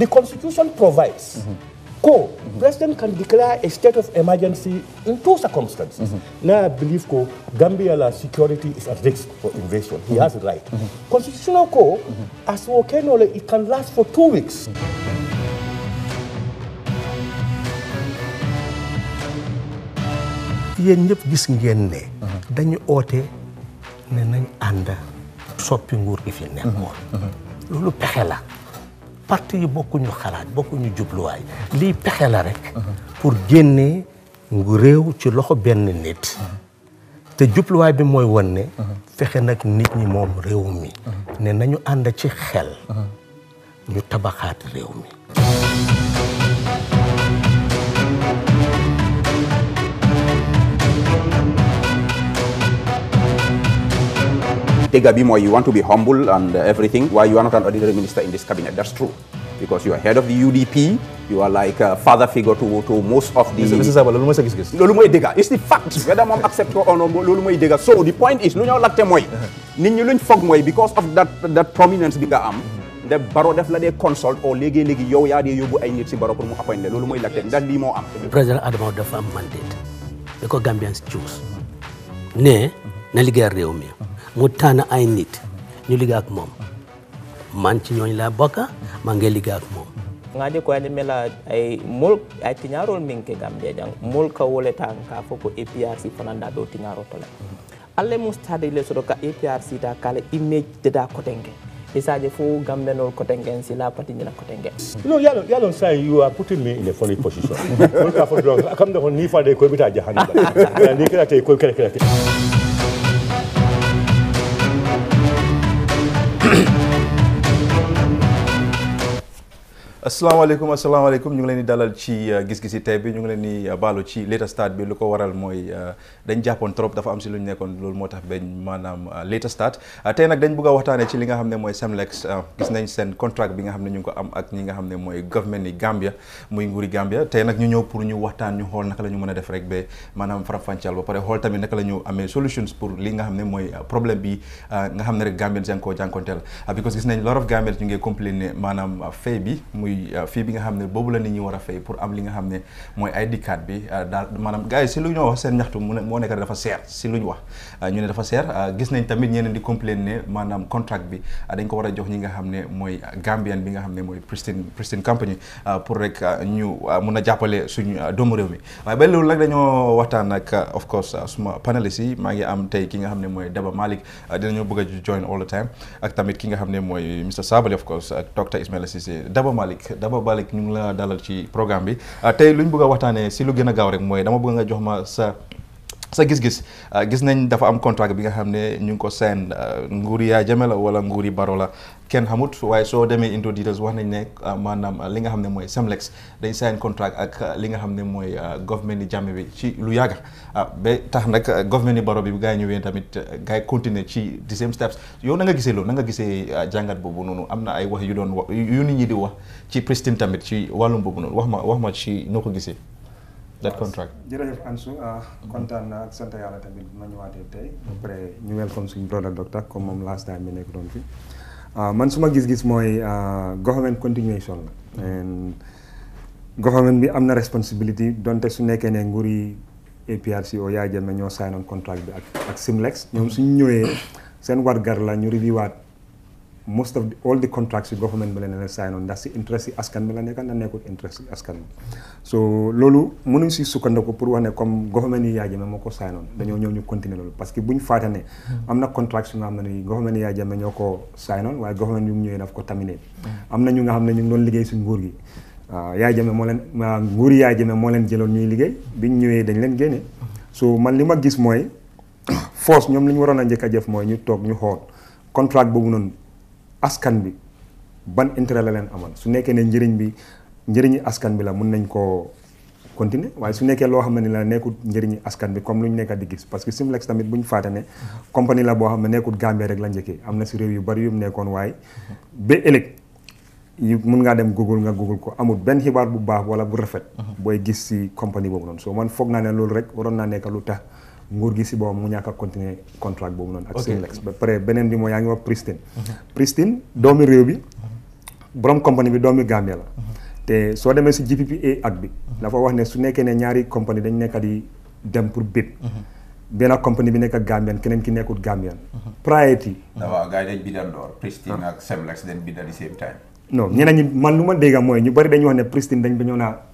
The constitution provides, mm -hmm. co, mm -hmm. president can declare a state of emergency in two circumstances. Mm -hmm. Now I believe co, Gambia's security is at risk for invasion. He has a right. Constitutional co, as know, it can last for two weeks. yéen ñëpp gis ngeen ne dañu oote ne nañ anda soppi nguur gi fi nekkoon mhm. pexe la parti yi bokkuñu xalaat bokkuñu jubluwaay lii pexe la rek pour génnee ngu réew ci loxo benn nit te jubluwaay bi mooy won ne fexe nag nit ñi moom réew mi ne nañu ànd ci xel ñu tabaxaat réew mi dégga bi mooy you want to be humble and everything why you are not an ordinary minister in this cabinet that's true because you are head of the UDP you are like a father figure to to most of the. monsieur Saba loolu mooy loolu mooy dégg it's the fact. whether moom accept ko or loolu mooy dégg so the point is lu ñoo laajte mooy. prominence bi am. de baro def la dee consult o léegi léegi yow yaa dee yóbbu ay nit si baro pour am. président Adama dafa am mandate. da ko Gambians choose. ne na liggéeyal réew mi. mu tànn ay nit ñu liggéey moom man ci ñooñu laa bokka maa ngi liggéey ak moom ngaji ko yani mela ay mul ay tiñarol min ke gam jejang mul wole ta ka fo ko APRC fananda do tiñaro tole alle mu stade le so ka APRC ta kala image de da ko tenge isaje fo gambe nol si la pati ni la ko tenge no yalo yalo say you are putting me in a funny position mul ka fo do kam da ni fa de ko bita jahanna ni kala te ko kala kala asalaamaaleykum asalaamaaleykum ñu ngi leen di dalal ci euh, gis-gisi tey bi ñu ngi leen di euh, baalu ci later start bi lu ko waral mooy euh, dañ jàppoon trop dafa am si lu ñu nekkoon loolu moo tax bañ maanaam later start tey nag dañ bëgg waxtaanee ci li nga xam ne mooy Semlex gis nañ seen contract bi nga xam ne ñu ngi ko am ak ñi nga xam ne mooy government ni Gambia muy nguuri Gambia tey nag ñu ñëw pour ñu waxtaan ñu xool naka la ñu mën a def rek ba maanaam faram-fàcceel ba pare xool tamit naka la ñu amee solutions pour li nga xam ne mooy problème bi nga xam ne rek Gambians yaa ngi koo because gis nañ lot of Gambians ñu ngi complain ne maanaam fay bi bi euh, fii bi nga xam ne boobu la nit ñi war a fay pour am li nga xam ne mooy ID card bi euh, maanaam gars si lu ñu wax seen ñaxtu moo nekk dafa seer si lu ñu wax euh, ñu ne dafa seer gis nañ tamit ñeneen di complain ne maanaam contract bi dañ ko war a jox ne mooy Gambian bi nga xam ne mooy Pristine Pristine Company pour rek ñu mun a jàppale suñu doomu réew mi waaye ba loolu nag dañoo waxtaan ak of course suma panelist yi maa ngi am tey ki nga xam ne mooy Daba Malick dinañoo bëgg a join all the time ak tamit ki nga xam ne mooy Mr Sabally of course docteur Ismaila Malick Daba ñu ngi la dalal ci programme bi ah, tey lu ñu bëgg a waxtaanee si lu gën a gaaw rek mooy dama bëgg nga jox ma sa. sa gis-gis ah, gis nañ dafa am contrat bi nga xam ne ñu ngi ko seen ah, nguur yaa jame la nguur nguuri baro la kenn xamut waaye soo demee into wax nañ ne ah, maanaam li nga xam ne mooy Semlex dañ seen contrat ak li nga xam ne mooy government ni jame bi ci lu yàgg ba tax nag government ni baro bi gaa yi ñëwee tamit gaa yi continuer ci the same steps yow na gisee loolu na nga gisee jàngat boobu noonu am na ay wax yu doon wax yu nit ñi di wax ci Pristine tamit ci wàllum boobu noonu wax ma wax ma ci noo ko gisee that contract jërëjëf Ansu ah, kontaan na ak sant yàlla tamit bu ma ñëwaatee tey après ñu welcome suñu brother docteur comme moom last time mi nekk doon fi ah, man suma gis-gis mooy ah, government continuation la and government bi am na responsibility donte su nekkee ne nguur yi APRC oo yaa jël ñoo sign on contract bi ak ak Simlex ñoom suñu ñëwee seen wargar la ñu reviwaat most of the, all the contracts yu government bi la leen sign ndax si interest askan bi la nekka ndax nekkul interest askan bi so loolu mënuñ si sukkandiku pour wax ne comme government yi Yahya Jammeh moo ko sign on dañoo ñëw ñu continuer loolu parce que bu ñu fàtte am na contracts yu nga xam ne ni government yi ko sign on waaye government yu mu ñëwee daf ko terminate am na ñu nga xam ne ñu ngi doon liggéey si nguur gi ah, Yahya Jammeh moo leen nguur Yahya Jammeh moo leen jëloon ñuy liggéey ñu ñëwee dañ leen génne so man li ma gis mooy force ñoom li ñu waroon a njëkk a jëf mooy ñu toog ñu xool contract boobu noonu askan bi ban intérêt la leen amal su nekkee ne njëriñ bi njëriñi askan bi la mun nañ koo continuer waaye su nekkee loo xam ne ni la nekkul njëriñi askan bi comme lu ñu nekkat di gis parce que Similex tamit bu ñu fàtte ne compagnie la boo xam ne nekkul Gambie rek la njëkkee am na si réew yu bari yu mu nekkoon waaye ba ëllëg yu mun ngaa dem google nga google ko amul benn xibaar bu baax wala bu rafet mhm. booy gis si compagnie boobu noonu so man foog naa loolu rek waroon naa nekk lu tax nguur gi si boobam mu ñàkk a continuer contrat boobu noonu. ak Senelex ba pare beneen bi mooy yaa ngi wax Pristine. Mhm. Pristine doomi réew bi borom compagnie bi doomi Gambie la. Mhm. te soo demee si GPPA ak bi. Mhm. dafa wax ne su nekkee ne ñaari compagnie dañ nekk di dem pour bit. benn compagnie bi nekk ak keneen ki nekkut Gambian. priority. Ah, waaw gars ah. ñi man lu ma dégg mooy ñu bari dañu wax ne Pristine dañ bañoon a.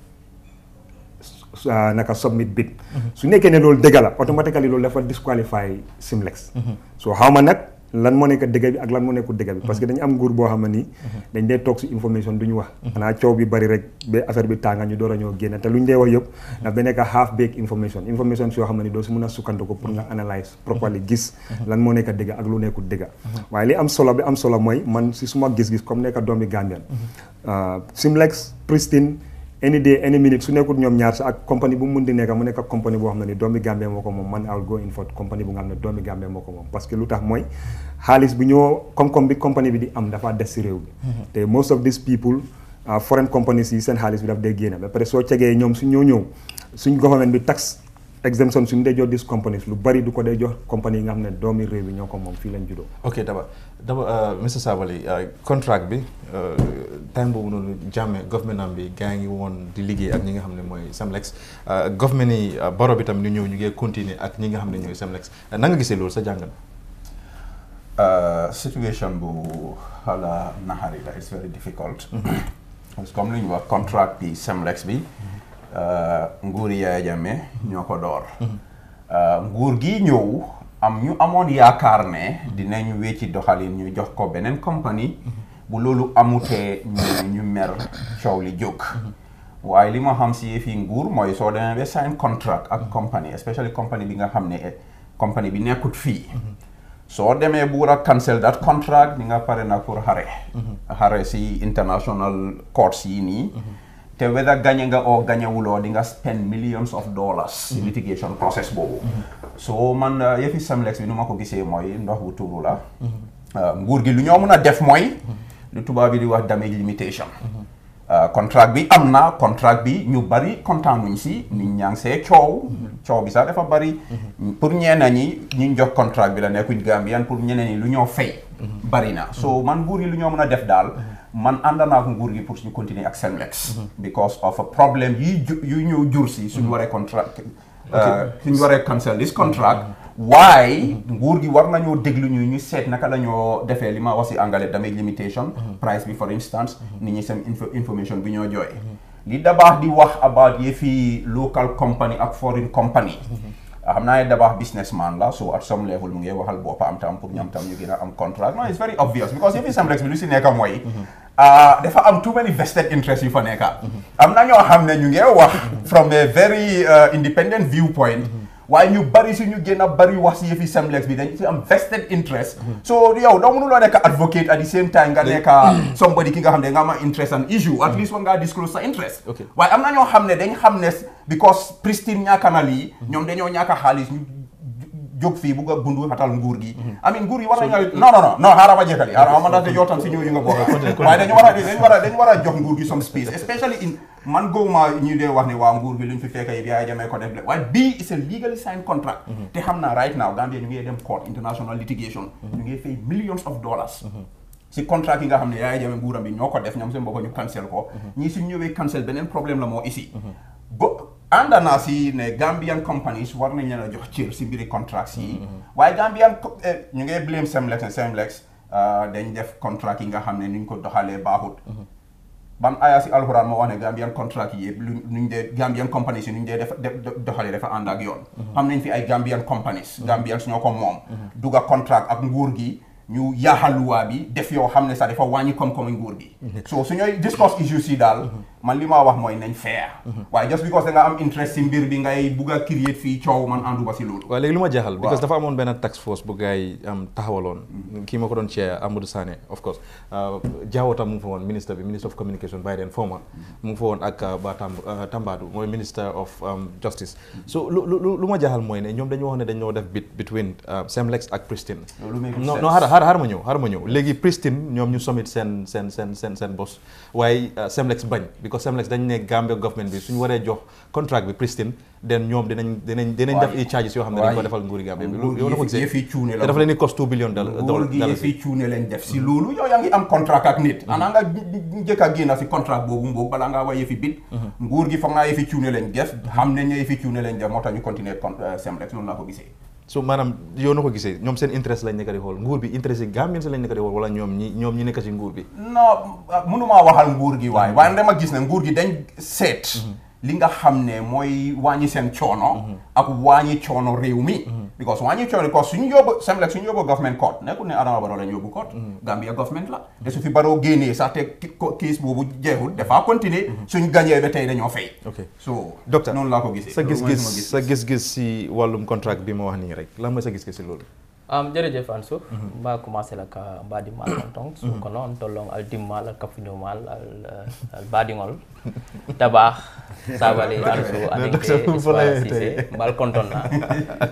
Uh, naka submit bid su nekkee ne loolu dëgg la automatically loolu dafa disqualify Semlex so xaw nag lan moo nekk dëgg bi ak lan moo nekkul dëgg bi parce que dañu am nguur boo xam nii dañ dee toog si information du wax xanaa coow bi bari rek ba affaire bi tànga ñu door a ñoo génn te lu ñu dee wax yëpp daf da nekk half baked information information si yoo doo si mën a sukkandiku pour nga analyse properly gis lan moo nekk dëgg ak lu nekkul any day any minute su nekkul ñoom ñaar sax ak compagnie bu mu di nekk mu nekk ak boo xam ne ni doomi Gambie moo moo ko moom parce que lu tax mooy xaalis bi ñoo koom-koom bi compagnie bi di am dafa des si réew bi mm-hmm. te most of these people uh, foreign companies yi seen xaalis bi daf dee génn ba pare soo cegee ñoom su ñoo ñëw suñ government bi tax exemption suñu dee jox dis companies lu bari du ko dee jox compagnie yi nga xam ne doomi réew bi ñoo ko moom fii lañ juddoo ok daba daba euh, monsieur Sabally euh, contract bi euh, time boobu noonu jàmme government am bi gaa ngi woon di liggéey ak ñi nga xam ne mooy Semlex government yi baro bi tam ñu ñëw ñu ngee continuer ak ñi nga xam ne ñooy Semlex na nga gisee loolu sa jàngan situation bu xala naxari la it's very difficult mm-hmm. comme lu ñu wax contract bi Semlex bi mm-hmm. Euh, nguur Yaya Jammeh ñoo ko door euh, nguur gi ñëw am ñu amoon yaakaar ne dinañ wecci doxalin ñu jox ko beneen compagnie bu loolu amutee ñu ñu mer coow li jóg waaye li ma xam si yëfi nguur mooy soo demee ba sign contract ak compagnie especially compagnie bi nga xam ne compagnie bi nekkut fii soo demee buur a cancel that contract di nga pare na pour xare xare si international courts yi nii te weda gagné nga or gagné wulo di nga spend millions of dollars mm -hmm. litigation process boobu mm -hmm. so man uh, yefi samlex bi nu ko gisee moy ndox bu la gi lu ñoo mëna def moy mm-hmm. lu tuba bi di wax damage limitation mm-hmm. uh, contract bi amna contract bi ñu bari content si ci ñaa ñang sé ciow mm-hmm. ciow bi sa dafa bari pour ñeena ñi jox contract bi la nekkuñ Gambian pour ñeneen ñi lu ñoo fay bari na so man nguur gi lu ñoo def dal def -hmm man andana ko nguur gi pour ñu continuer ak mhm. because of a problem yi yu ñëw jur ci suñu mhm. waré contract. Euh, suñu waré cancel this contract. Mhm. Why nguur gi war nañu déglu ñu ñu sét naka lañu défé li ma wasi si damay limitation. price bi for instance. ni ñi sem information bi ñoo joy li dabaax di wax about fi local company ak foreign company. xamna ay ne dabaax businessman la so at some level mu ngey waxal am tam pour ñam tam ñu gëna am contract no it's very obvious because you Semlex bi lu ci nekk mooy. Ah, dafa am too many vested interests yu fa nekka am na ño xam ne ñu ngee wax from a very uh, independent viewpoint waaye ñu bari si ñu gën a bari wax si yëfi Semlex bi dañ si am vested interest. so yow doo mënuloo nekk advocate at the same time nga nekk somebody ki nga xam ne nga am interest and issue at least war ngaa disclose sa interest. waaye am na ñoo xam ne dañ xam ne because pristine ñàkk na lii. ñoom dañoo ñàkk a xaalis ñu. jóg fii bugg a bundu xatal nguur gi mhm. amin nguur yi war a jox nguur gi some space especially in man gowma ñu dee wax ne waa nguur bi luñ fi fekk yëpp yaay jamee ko def waaye bii mhm. ñu ngi dem mhm. millions of dollars si contrat yi nga xam ne yaay jamee nguuram bi ñoo ko def ñoom seen bopp ñu cancel ko ñii suñ ñëwee cancel beneen problème la moo ici ànd naa si ne Gambian companies war nañ leen a jox si mbiri contracts yi. Mm-hmm. waaye Gambian eh, ñu ngay blame Semlex ne Semlex ah, dañ def contract yi nga xam ne ni ñu ko doxalee baaxut. Mm-hmm. ban aaya si alxuraan moo wax ne Gambian contract yi yëpp luñ dee Gambian companies yi nuñ dee def doxalee dafa ànd ak yoon. Mm-hmm. am nañ fi ay Gambian companies. Gambians ñoo ko moom. dugga contract ak nguur gi. ñu yaaxal luwaa bi def yoo xam ne sax dafa wàññi koom-koomu nguur gi. so su ñooy discuss issues yi daal. man li maa wax mooy nañ fair waaye just because da nga am interest si mbir bi ngay bugg a créer fii coow man àndu ba si loolu lu ma jaaxal because dafa amoon benn task force bu gars yi taxawaloon mm-hmm. kii ma ko doon chair Amadou Sané of course Jawata uh, mu ngi fa woon ministre bi ministre of communication Biden former mm-hmm. mu ngi fa woon ak uh, Ba uh, Tambadou mooy minister of um, justice so lu lu ma jaaxal mooy ne ñoom dañu wax ne dañoo def bit between Semlex ak Pristine non non xaar xaar ma ñëw xaar ma ñëw léegi Pristine ñoom ñu somit seen seen seen seen seen boss waaye Semlex bañ ko Semlex dañ ne Gambia government bi suñu waree jox contract bi Pristine den ñoom dinañ dinañ dinañ def charges yoo xam ne dañ ko defal nguuri Gambia bi loolu la ko def si loolu yow yaa ngi ak nit anaa nga njëkk a génn si contract boobu boobu balaa ngaa wax yëfi bit mhm. nguur gi foog naa yëfi cuune lañ def xam nañ ne yëfi cuune lañ def moo tax ñu continuer euh, Semlex loolu laa ko gisee so maanaam yow na ko gisee ñoom seen interest lañ nekk di nguur bi interest yi Gambien si lañ nekk di xool wala ñoom ñi ñoom ñi nekk si nguur bi non ah, mënumaa waxal nguur gi waaye mm-hmm. waaye dama gis ne nguur gi dañ seet mm-hmm. li nga xam ne mooy wàññi seen coono. Mhm. ak wàññi coono réew mi. Mhm. because wàññi coono ko suñu yóbbu Semlek suñu yóbbu government court nekkul ne Adama Barrow lañ yóbbu court. Mhm. Gambia government la. te su fi Barrow génnee sax te case boobu jeexul dafa continuer. suñ gañee ba tey dañoo fay. ok so docteur noonu laa ko gisee. sa gis-gis sa gis-gis si wàllum contract bi ma wax nii rek lan mooy sa gis-gis si loolu. Um, jërëjëf Ansu mm -hmm. commencé la ka di mal tong su mm -hmm. kono al di al ka al mal al, al badingol tabax bali Ansu anekte iswa ci mal konton na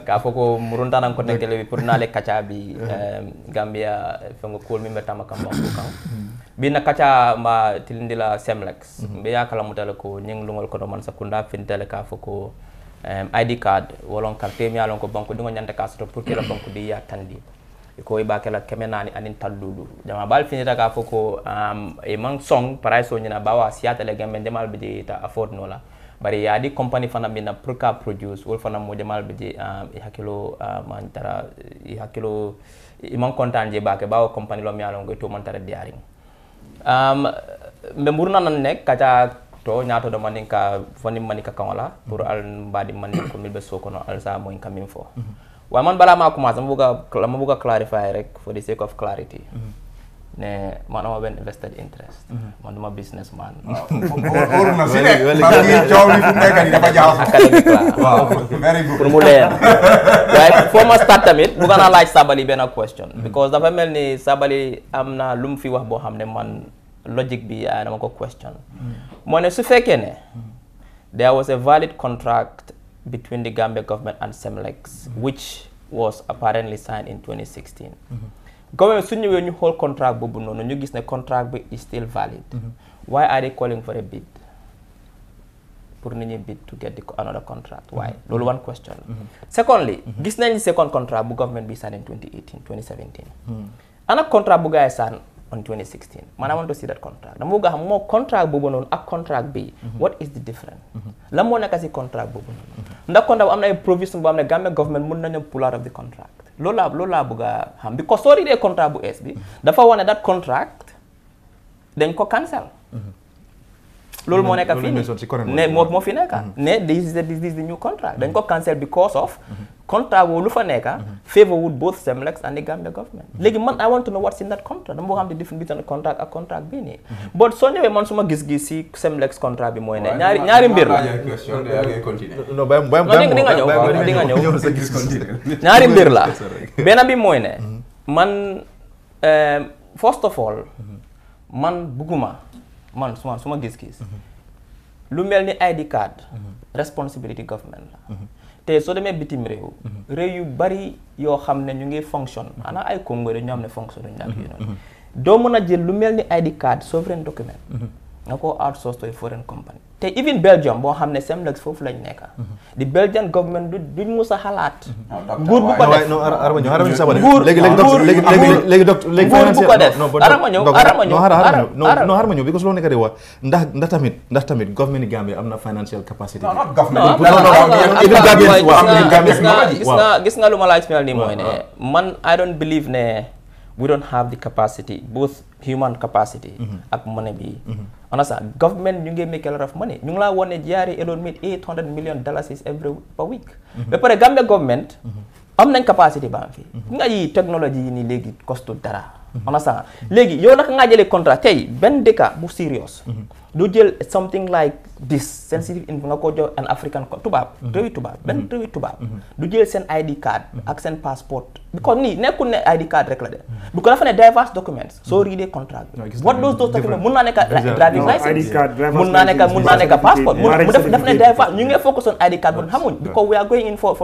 ka foko muruntanang ko tegtele bi pour nale kacha bi mhm. gambia Gambia fengo kool mi metama kamba ko mhm. bi na kacha ma tilindila semlex mm -hmm. be yakala mutale ko lu ngol ko man fin tele ka foko um, id card wolon carte mi alon ko banque ɗigo ñande kasoto pour kela banque ɗi ya tandi ko e ba kela kemenani anin talludu jama bal finira ka fo ko um, e man song price o bawa siyata le gambe ndemal ta afford nola bari ya di company fana mina pour produce wol fana mo demal ɓe je um, e hakkilo um, uh, tara e hakkilo e je bawa company lo mi alon ko e to man tara diaring um, mbe mburna nek to ñaatoɗo manin ka fonin mani ka kaŋola pour al mbaɗi mani ko mil ɓe sokono alsa moyn ka min fo mhm. way man bala ma commencé ma buga clarify rek for the sake of clarity mhm. ne man ama benn invested interest mhm. man duma business man pour mu leer waaye foo ma start tamit bëgg naa laaj Sabally benn question because dafa mel ni Sabally am na lu mu fi wax boo xam ne man logic bi ah, dama ko question moo mm. ne su fekkee ne there was a valid contract between the Gambia government and Semlex mm. which was apparently signed in 2016 mm-hmm. government su ñëwee ñu contract boobu noonu ñu gis ne contract bi is still valid mm-hmm. why are they calling for a bid pour nit bid to get another contract why mm-hmm. loolu one question la secondly gis nañ second contract bu government bi sign in 2018 2017 ana contract bu gars sign on 2016 man I want to see that contract dama bëgg a xam moo contract boobu noonu ak contract bi mhm. what is the difference mhm. lan moo nekk si contract boobu noonu ndax contract bu am na ay provision bu am ne Gambia government mën nañu pull out of the contract loolu laa loolu laa bëgg a xam because soo readee contract bu es bi mhm. dafa wane that contract dañ ko cancel loolu mo nek fini ne mo mo fi nek mhm. ne this is this is the new contract dañ mhm. ko cancel because of mhm. contract wo lu fa nek favor would both Semlex and the Gambia government legi man I want to know what's in that contract dama xam ne different between contract a contract bi ni but so ñewé man suma gis-gis si Semlex contract bi moy ne ñaari ñaari mbir la non ba di nga ñëw di nga ñëw ñaari mbir la ben bi moy ne man eh, first of all man buguma. man suma su ma gis-gis mhm. lu mel ni ID card mhm. responsibility government la mhm. te soo demee bitim réew réew yu bari yoo xam ne ñu ngi fonction maanaam ay Congo dañu am ne fonction duñu naan yu noonu doo mën a jël lu mel ni ID card sovereign document nga koo outsource to foreign company te even Belgium boo xam ne Semlex foofu lañ nekk. di Belgian government du duñ a xalaat. nguur bu ko def arama ñëw arama ñëw sax léegi léegi docteur léegi nguur bu ko def arama ñëw arama ñëw non arama ñëw because loolu nekk di wax ndax ndax tamit ndax tamit government Gambia am na financial capacity. non non gis nga gis nga lu ma laaj fi nii mooy ne man I don't believe ne. we don't have the capacity, both human capacity mm-hmm. ak money bi. Understand? Mm-hmm. Government ñu ngi make a lot of money. ñu ngi laa wane jaari Elon Musk 800 million dollars every per week. Mm-hmm. ba pare Gambia government. am nañ capacity baa ngi fi. nga yi technology yi nii léegi costul dara. Mhm. understand léegi yow naka ngaa jëlee contrat tey benn dëkka bu serious mhm. du jël something like this sensitive info nga ko jox an african tubaab mhm. réewi tubaab benn réewi tubaab du jël seen ID card ak seen passeport because nii nekkul ne ID card rek la de bu ko dafa ne diverse documents soo readee contrat what those those documents mun naa nekk driving license mun naa mun naa nekk passport mu def def ne diverse ñu ngi focus on ID card mun xamuñ because we are going in for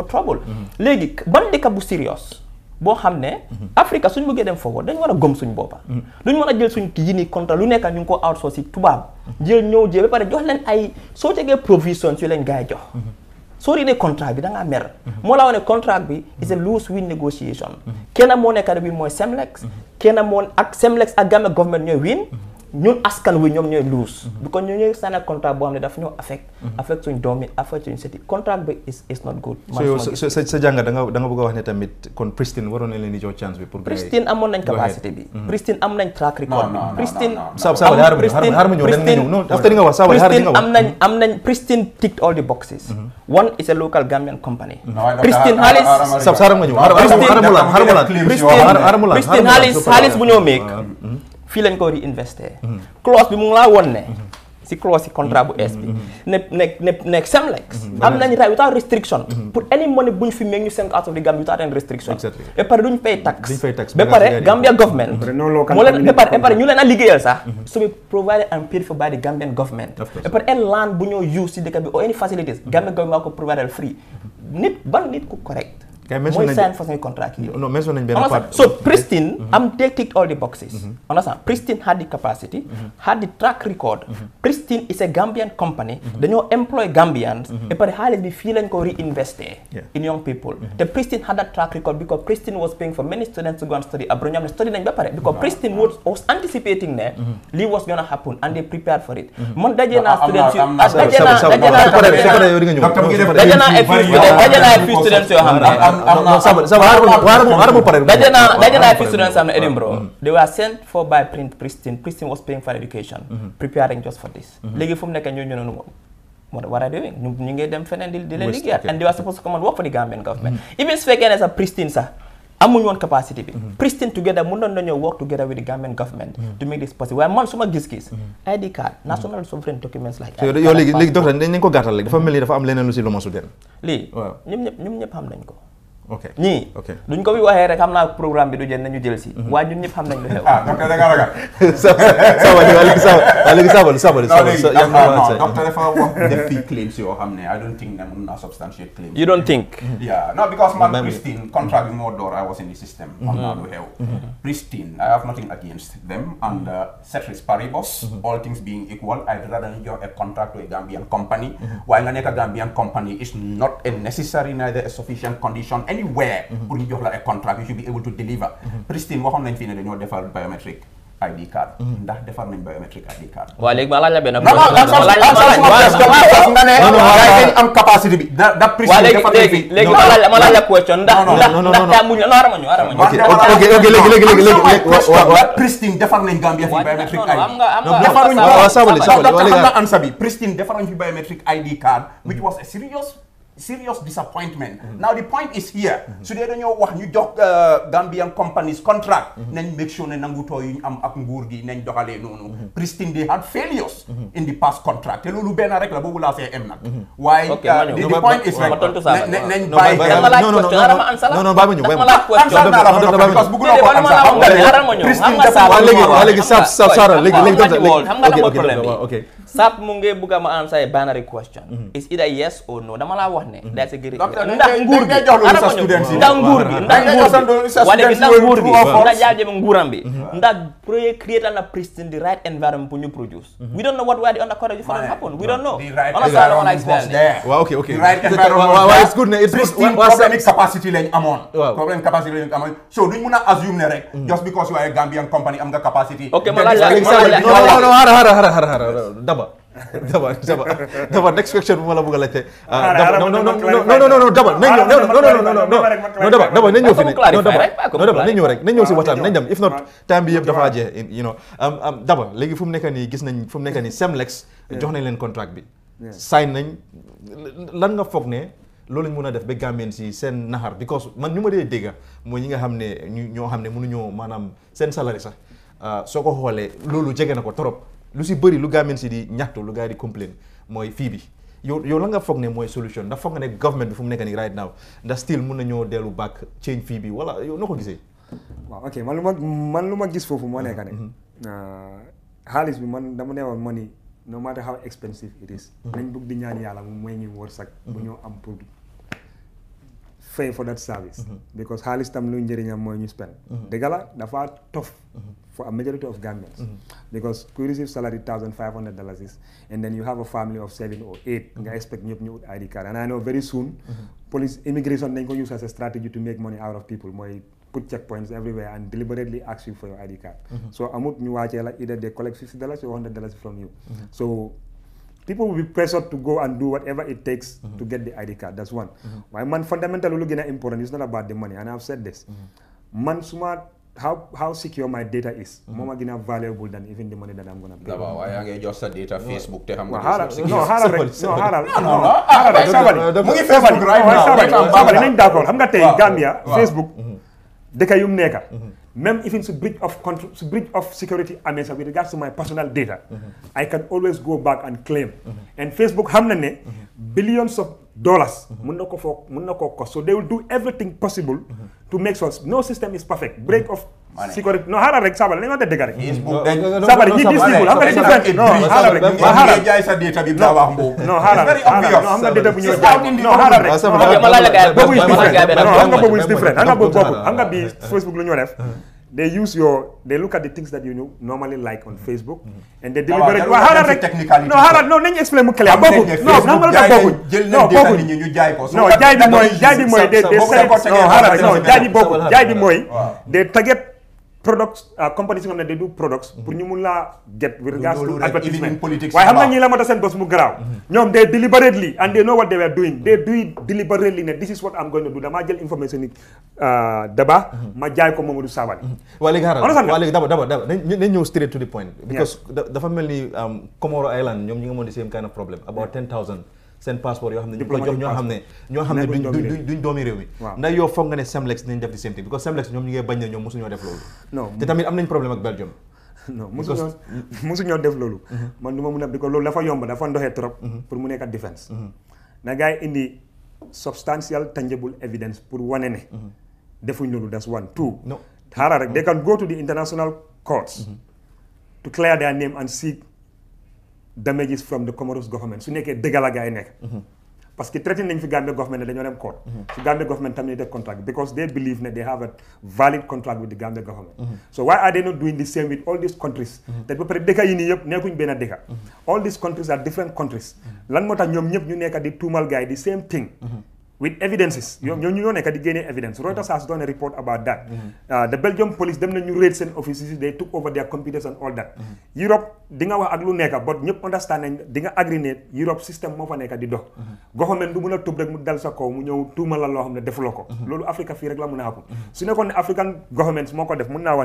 boo xam ne Afrique suñ bëggee dem foofu dañ war a gom suñ boppa lu ñu war a jël suñ yi ni contrat lu nekk ñu ngi ko outsource si tubaab jël ñëw jël ba pare jox leen ay soo jegee provision yu leen gars yi jox soo riidee contrat bi da ngaa mer moo laa wane contrat bi is a lose win negotiation kenn moo nekk bi mooy Semlex kenn moo ak Semlex ak Gambia government ñooy win ñun askan wi ñoom ñooy luus. bu ko ñu ñooy sànni contrat boo xam ne daf ñoo affect. affect suñ doom yi affect suñ sëti contrat bi so sa sa jàngat da nga bëgg a wax ne tamit kon Pristine waroon na leen di jox chance bi Pristine amoon nañ capacité bi. Pristine am nañ track record bi. Pristine sa sa xaar nga ñëw non nañ Pristine ticked all the boxes. one is a local Gambian company. Pristine xaalis sa sa xaar ma ñëw xaar ma xaar Filen lañ ko war investé e. mhm. clause bi mu ngi laa woon ne mhm. si clause si contrat bu mhm. SP ne ne ne ne Semlex am nañ ray without restriction pour any money buñ fi meeg ñu send out of the without any restriction et par duñ pay tax be pare Gambia government mo leen be pare ba pare ñu leen liggéeyal sax so be provide and paid for by the Gambian government ba par any land bu ñoo use si dëkk bi or any facilities Gambia government ko provide free nit ban nit ku correct mooy sign façon contract yi. non mention part. so pristine, am take ticked all the boxes. understand Pristine had the capacity. had the track record. Pristine is a Gambian company. dañoo employ Gambians. et par xaalis bi fii lañ ko reinvesté. in young people. The pristine had that track record because pristine was paying for many students to go and study abroad ñoom study nañ ba pare. because pristine was was anticipating ne. li was gonna happen and they prepared for it. mon dajé na students yu daje naa daje naa daje naa ay few students yoo xam no sama sama they were sent for by was paying for education preparing just for this what, are they doing? Ñu ngi dem di di and they were supposed to come and work for the Gambian government. Even su as a Pristine sax amuñu woon capacity bi. Pristine together mun nañ nañoo work together with the government. government. to make this possible waaye man suma gis-gis. ID card national sovereign documents like. yo léegi léegi docteur dañ ko gàttal léegi dafa melni dafa am leneen lu ci lu ma su den. li ñim ñep ñim ñep am nañ ko. ñii duñ ko fi waxee rek xam naa programme bi du jël nañu jël si mhm. waaye ñun ñëpp xam nañ lu xew ah docteur da nga ragal sabali waa léegi waa wax def fii ne I don't think ne mun naa substantiate claims you don't think yeah no because man Pristine contract bi moo I was in the system mhm. xam naa lu xew mhm. Pristine I have nothing against them and uh, ceteris paribus all things being equal I'd rather jox a contract to a Gambian company waaye nga nekk a Gambian company is a very wary pour ñu jox la ay contract you should be able to deliver Pristine waxoon nañ fii ne dañoo defar biometric ID card ndax defar nañ biometric ID card waaw léegi ma laaj la benn nga ne dañ am capacité bi da da Pristine defar nañ fi léegi ma laaj ma laaj la question ndax ndax ndax tàmmuñ la non aramañu aramañu ok ok léegi léegi léegi léegi Pristine defar nañ Gambia fi biometric ID defaruñ ko sabali sabali wala nga am sa bi Pristine defar nañ fi biometric ID card which was a serious serious disappointment. now the point is here. su dee dañoo wax ñu jox Gambian companies contract. nañ make sure ne nangutoo yu ñu ak nguur gi nañ doxalee noonu. Pristine they had failures. in the past contract te loolu benn rek la boobu laa see em nag. waaye the point is rek nañ bàyyi non non bàyyi ma ñëw bàyyi ma ansal naa la ko noppi parce que bëgg naa ko ansal xam nga ne Pristine dafa waa léegi waa léegi sa sa saara léegi léegi ok ok SAP mu ngi bugg a ma answer a binary question. is yes or no dama laa wax ne. that's a great nguur gi ndax nguur gi ndax nguur gi ndax nguuram bi. ndax create na pristine the right environment pour produce. we don't know what were the undercurrent for that happen we don't know. waaw ok ok. waaw it's good ne it's good problème capacity lañ amoon. waaw problème capacity lañ amoon so duñ mun a assume ne rek. just because you are company am nga capacity. ok ma laaj daba daba daba next question bu ma la bëgg a laajte. daba non non non non non daba daba nañ ñëw fi ne daba non daba nañ ñëw rek nañ ñëw si waxtaan nañ dem if not time bi yëpp dafa jeex you um, um, nii gis nañ fu mu nekk nii Semlex jox nañ leen contract bi. sign nañ lan nga foog ne. loolu ñu mën a def ba gàmmeen si seen naxar because man ñu ma dee dégga mooy ñi nga xam ne ñu ñoo xam ne mënuñoo maanaam seen salari sax ah, soo ko xoolee loolu jege na ko trop lu si bëri lu gàmmen si di ñaxtu lu gaa yi di complain mooy fii bi yow yow la nga foog ne mooy solution ndax foog nga ne government bi fu mu nekk nii right now ndax still mun nañoo dellu back change fii bi wala yow noo ko gisee. waaw ok man lu ma gis foofu moo nekk ne. Mm-hmm. Uh, xaalis bi man dama ne woon money no matter how expensive it is. Mm-hmm. nañ bëgg di ñaan yàlla mu may ñu wërsëg. bu mm-hmm. ñu am pour fay for that service. because xaalis tam lu njëriñam mooy ñu spend. dëgg la dafa for a majority of Gambians. Mm -hmm. Because we receive salary thousand five hundred dollars is, and then you have a family of seven or eight, mm-hmm. I expect new new ID card and I know very soon. Mm-hmm. police immigration dañ go use as a strategy to make money out of people mooy. put checkpoints everywhere and deliberately ask you for your ID card. Mm -hmm. So amut ñu either they collect fifty dollars or hundred dollars from you. Mm -hmm. So people will be pressured to go and do whatever it takes mm -hmm. to get the ID card. That's one. Mm-hmm. Why man fundamental looking at important It's not about the money and I've said this. Man su how how secure my data is. Mhm. moom a gën a valuable than even the money that I'm gonna pay. Daba waaye yaa ngi jox sa data Facebook te xam nga. non xaaral rek non xaaral. non ah, Facebook right now sabali nañ d'accord xam nga mhm. mhm. of security amee sax with regards to my personal data. I can always go back and claim. and Facebook xam na ne billions dollars. mun na ko foog mun na ko cost so they will do everything possible. to make sure no system is perfect. break of security no xaaral rek sabal nañu nga dañu fenn. non xaaral rek xaaral jaay sa data bi bla wax mbo. non xaaral non xam nga data bu ñëw jaay non xaaral rek. boobu is different non xam nga boobu is different xam nga boobu bokkul xam nga bii Facebook lu ñu def. they use your they look at the things that you know, normally like on Facebook. Mhm. and they ah, deliberate waaw xaaral rek non xaaral non mu clair. bokkul non non non bokkul non bokkul ñu jaay ko. non jaay bi mooy jaay bi mooy. de de non xaaral non jaay bi products ah, compagnie si nga xam ne day du products mhm. pour ñu mun laa get with regards to advertisement waaye xam nga ñii la ma tax seen bos mu garaaw mhm. ñoom they deliberately and they know what they were doing mhm. they do it deliberately ne this is what I'm going to do damaa jël information ni ah, daba ma jaay ko Momodou Sabally waa léegi xaaral waa léegi daba daba daba ñëw straight to the point because dafa mel ni um, Comoro Island ñoom ñi nga moon di same kind of problem about mm. seen passeport yoo xam ne ñu ko jox ñoo xam ne ñoo xam ne duñ duñ doomi réew mi ndax yow foog nga ne Semlex dinañ def di same thing because Semlex ñoom ñu ngee bañ ne ñoom mosuñoo def loolu te tamit am nañ problème ak Belgium non mosuñoo def loolu mhm. man du ma mun a di ko loolu dafa yomb dafa ndoxee trop mhm. pour mu nekk défense mhm. na gars indi substantial tangible evidence pour wane ne defuñ loolu das one two xaaral rek they can go to the international courts to clear damages from the Comoros government su nekkee dëggal a gaa yi nekk mhm. parce que traité nañ fi Gambia government ne dañoo dem court mhm. su Gambia government tamit def contract because they believe ne they have a valid contract with the Gambia government mhm. so why are they not doing the same with all these countries te ba pare dëkka yi nii yëpp nekkuñ benn dëkka all these countries are different countries lan moo tax ñoom ñëpp ñu nekk di tuumal with evidences mm-hmm. ñoom ñoo ñoo nekk di génnee evidence Reuters has done a report about that mm-hmm. uh, the Belgium police dem nañu raid seen offices they took over their computers all that mm-hmm. Europe di nga wax ak lu nekk but ñëpp understand di nga agree Europe système moo fa nekk di dox government du mun a tub rek mu dal sa kaw mu ñëw tuuma loo xam ne defuloo ko loolu Africa fii rek la mun a happen su nekkoon ne African governments moo ko def mun naa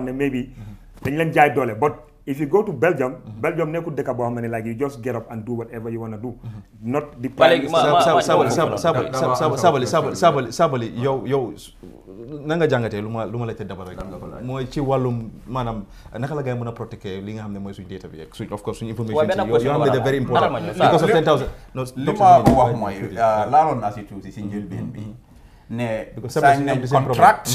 wax if you go to Belgium mm -hmm. Belgium nekkul dëkk boo xam ne like you just get up and do whatever you wanna do. not di. sabali sabali sabali yow yow na nga jàngatee lu ma lu ma la ca dabal rek. mooy ci wàllum maanaam naka la gars yi mën a protéger li nga xam ne mooy suñ data bi ak suñ of course suñ information. yoo xam ne very important because of ten thousand. li ma wax mooy euh, laaloon naa si tuuti si njëlbeen bi. ne sign nañ contract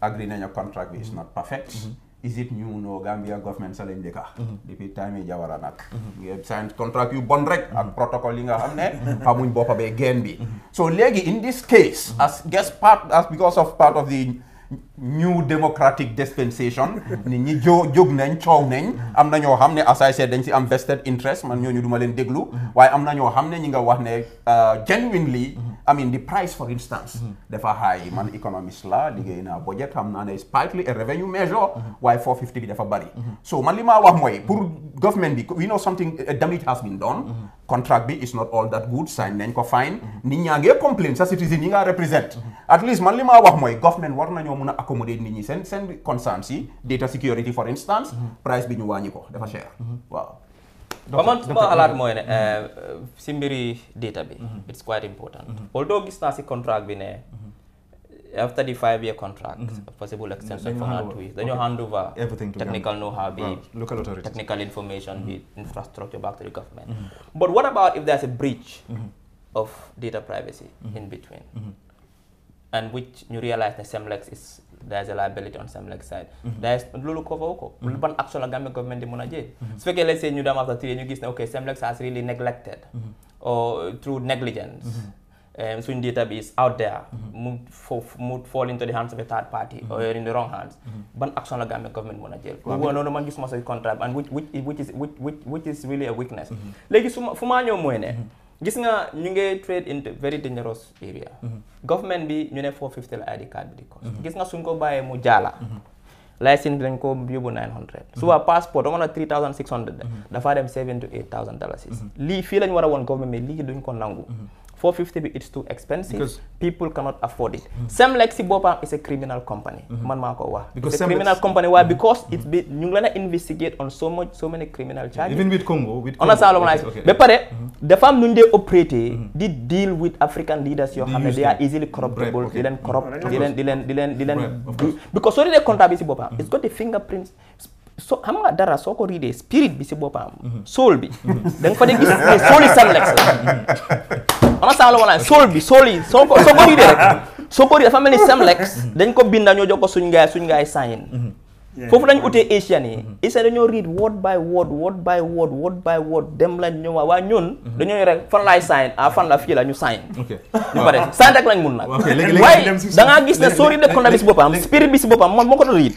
agree nañu bi is not perfect. Mm-hmm. Egypte ñu munoo Gambia government sa mhm. depuis time yi Jawara nag mhm. nga contract yu bon rek ak mhm. protocole yi nga xam ne xamuñ boppa bee geen bi so léegi in this case as guess part as because of part of the new democratic dispensation nit ñi joo jog nañ coow nañ am na ñoo xam ne as I dañ si am vested interest man ñoo ñu duma leen déglu waaye am na ñoo xam ne ñi nga wax ne euh, genuinely I mean the price for instance dafa high man economist la liggéey naa budget xam naa ne is a revenue measure waaye 450 bi dafa bari so man li maa wax mooy pour government bi we know something damage has been done contract bi is not all that good sign nañ ko fine nit ñaa ngee complain sa citizen yi ngaa represent at least man li maa wax mooy government war nañoo mun a accommodate nit ñi seen seen concerns yi data security for instance price bi ñu wàññi ko dafa cher waaw ba man su ma xalaat euh, mooy ne mm-hmm. euh, si mbiri data bi mm-hmm. it's quite important mm-hmm. although gis naa si contract bi ne after the five-year contract, mm -hmm. possible extension for another two years. Then okay. you hand over everything technical know-how, be local authorities, technical information, mm -hmm. be mm-hmm. infrastructure back to the government. Mm -hmm. But what about if there's a breach mm-hmm. of data privacy mm-hmm. in between, and which you realize the Semlex is there's a liability on Semlex side. There's lulu cover oko. One action the government demonaje. Especially let's say you dam after three, you guess okay Semlex has really neglected or through negligence um, swing database out there mm-hmm. mu mu fall into the hands of a party mm-hmm. or in the wrong hands mm-hmm. ban action la Gambia government mën a jël boobu noonu man say contract and which which is which which is léegi su ma fu maa ñëw mooy ne gis nga ñu ngi trade in very dangerous area government bi ñu ne 450 la ID card bi di cost gis nga suñ ko bàyyee mu jaala license dañ ko yóbbu 900 suba passport dama na 3600 dafaa dem 7 to 8000 dollars lii fii lañ war a woon government mais lii duñ ko nangu 450 bi it's too expensive. Because people cannot afford it. Semlex si boppam is a criminal company. Mm-hmm. man maa ko wax. because a criminal company waaye mm-hmm. because it's mm-hmm. been ñu ngi leen a investigate on so much so many criminal charges. even with Congo nu dee operater. di deal with African leaders yoo xam di leen corrupt di leen di leen di leen di leen. because soo bi si boppam. it's got the fingerprints. so xam nga dara soo ko riidee spirit bi si boppam. soul bi da nga fa dee gis ne soul xanaa saa la wala sool bi sool yi soo ko soo ko riidee rek soo ko riidee dafa mel dañ ko binda ñoo jox ko suñ ngaay suñ ngaay sign foofu lañ utee asian yi asian dañoo read word by word word by word word by word dem lañ ñëw waa ñun dañoo rek fan laay sign ah fan la fii la ñu sign ñu pare sign rek lañ mun nag waaye da gis ne soo riidee kon na bi si boppam spirit bi si boppam moom moo ko doon read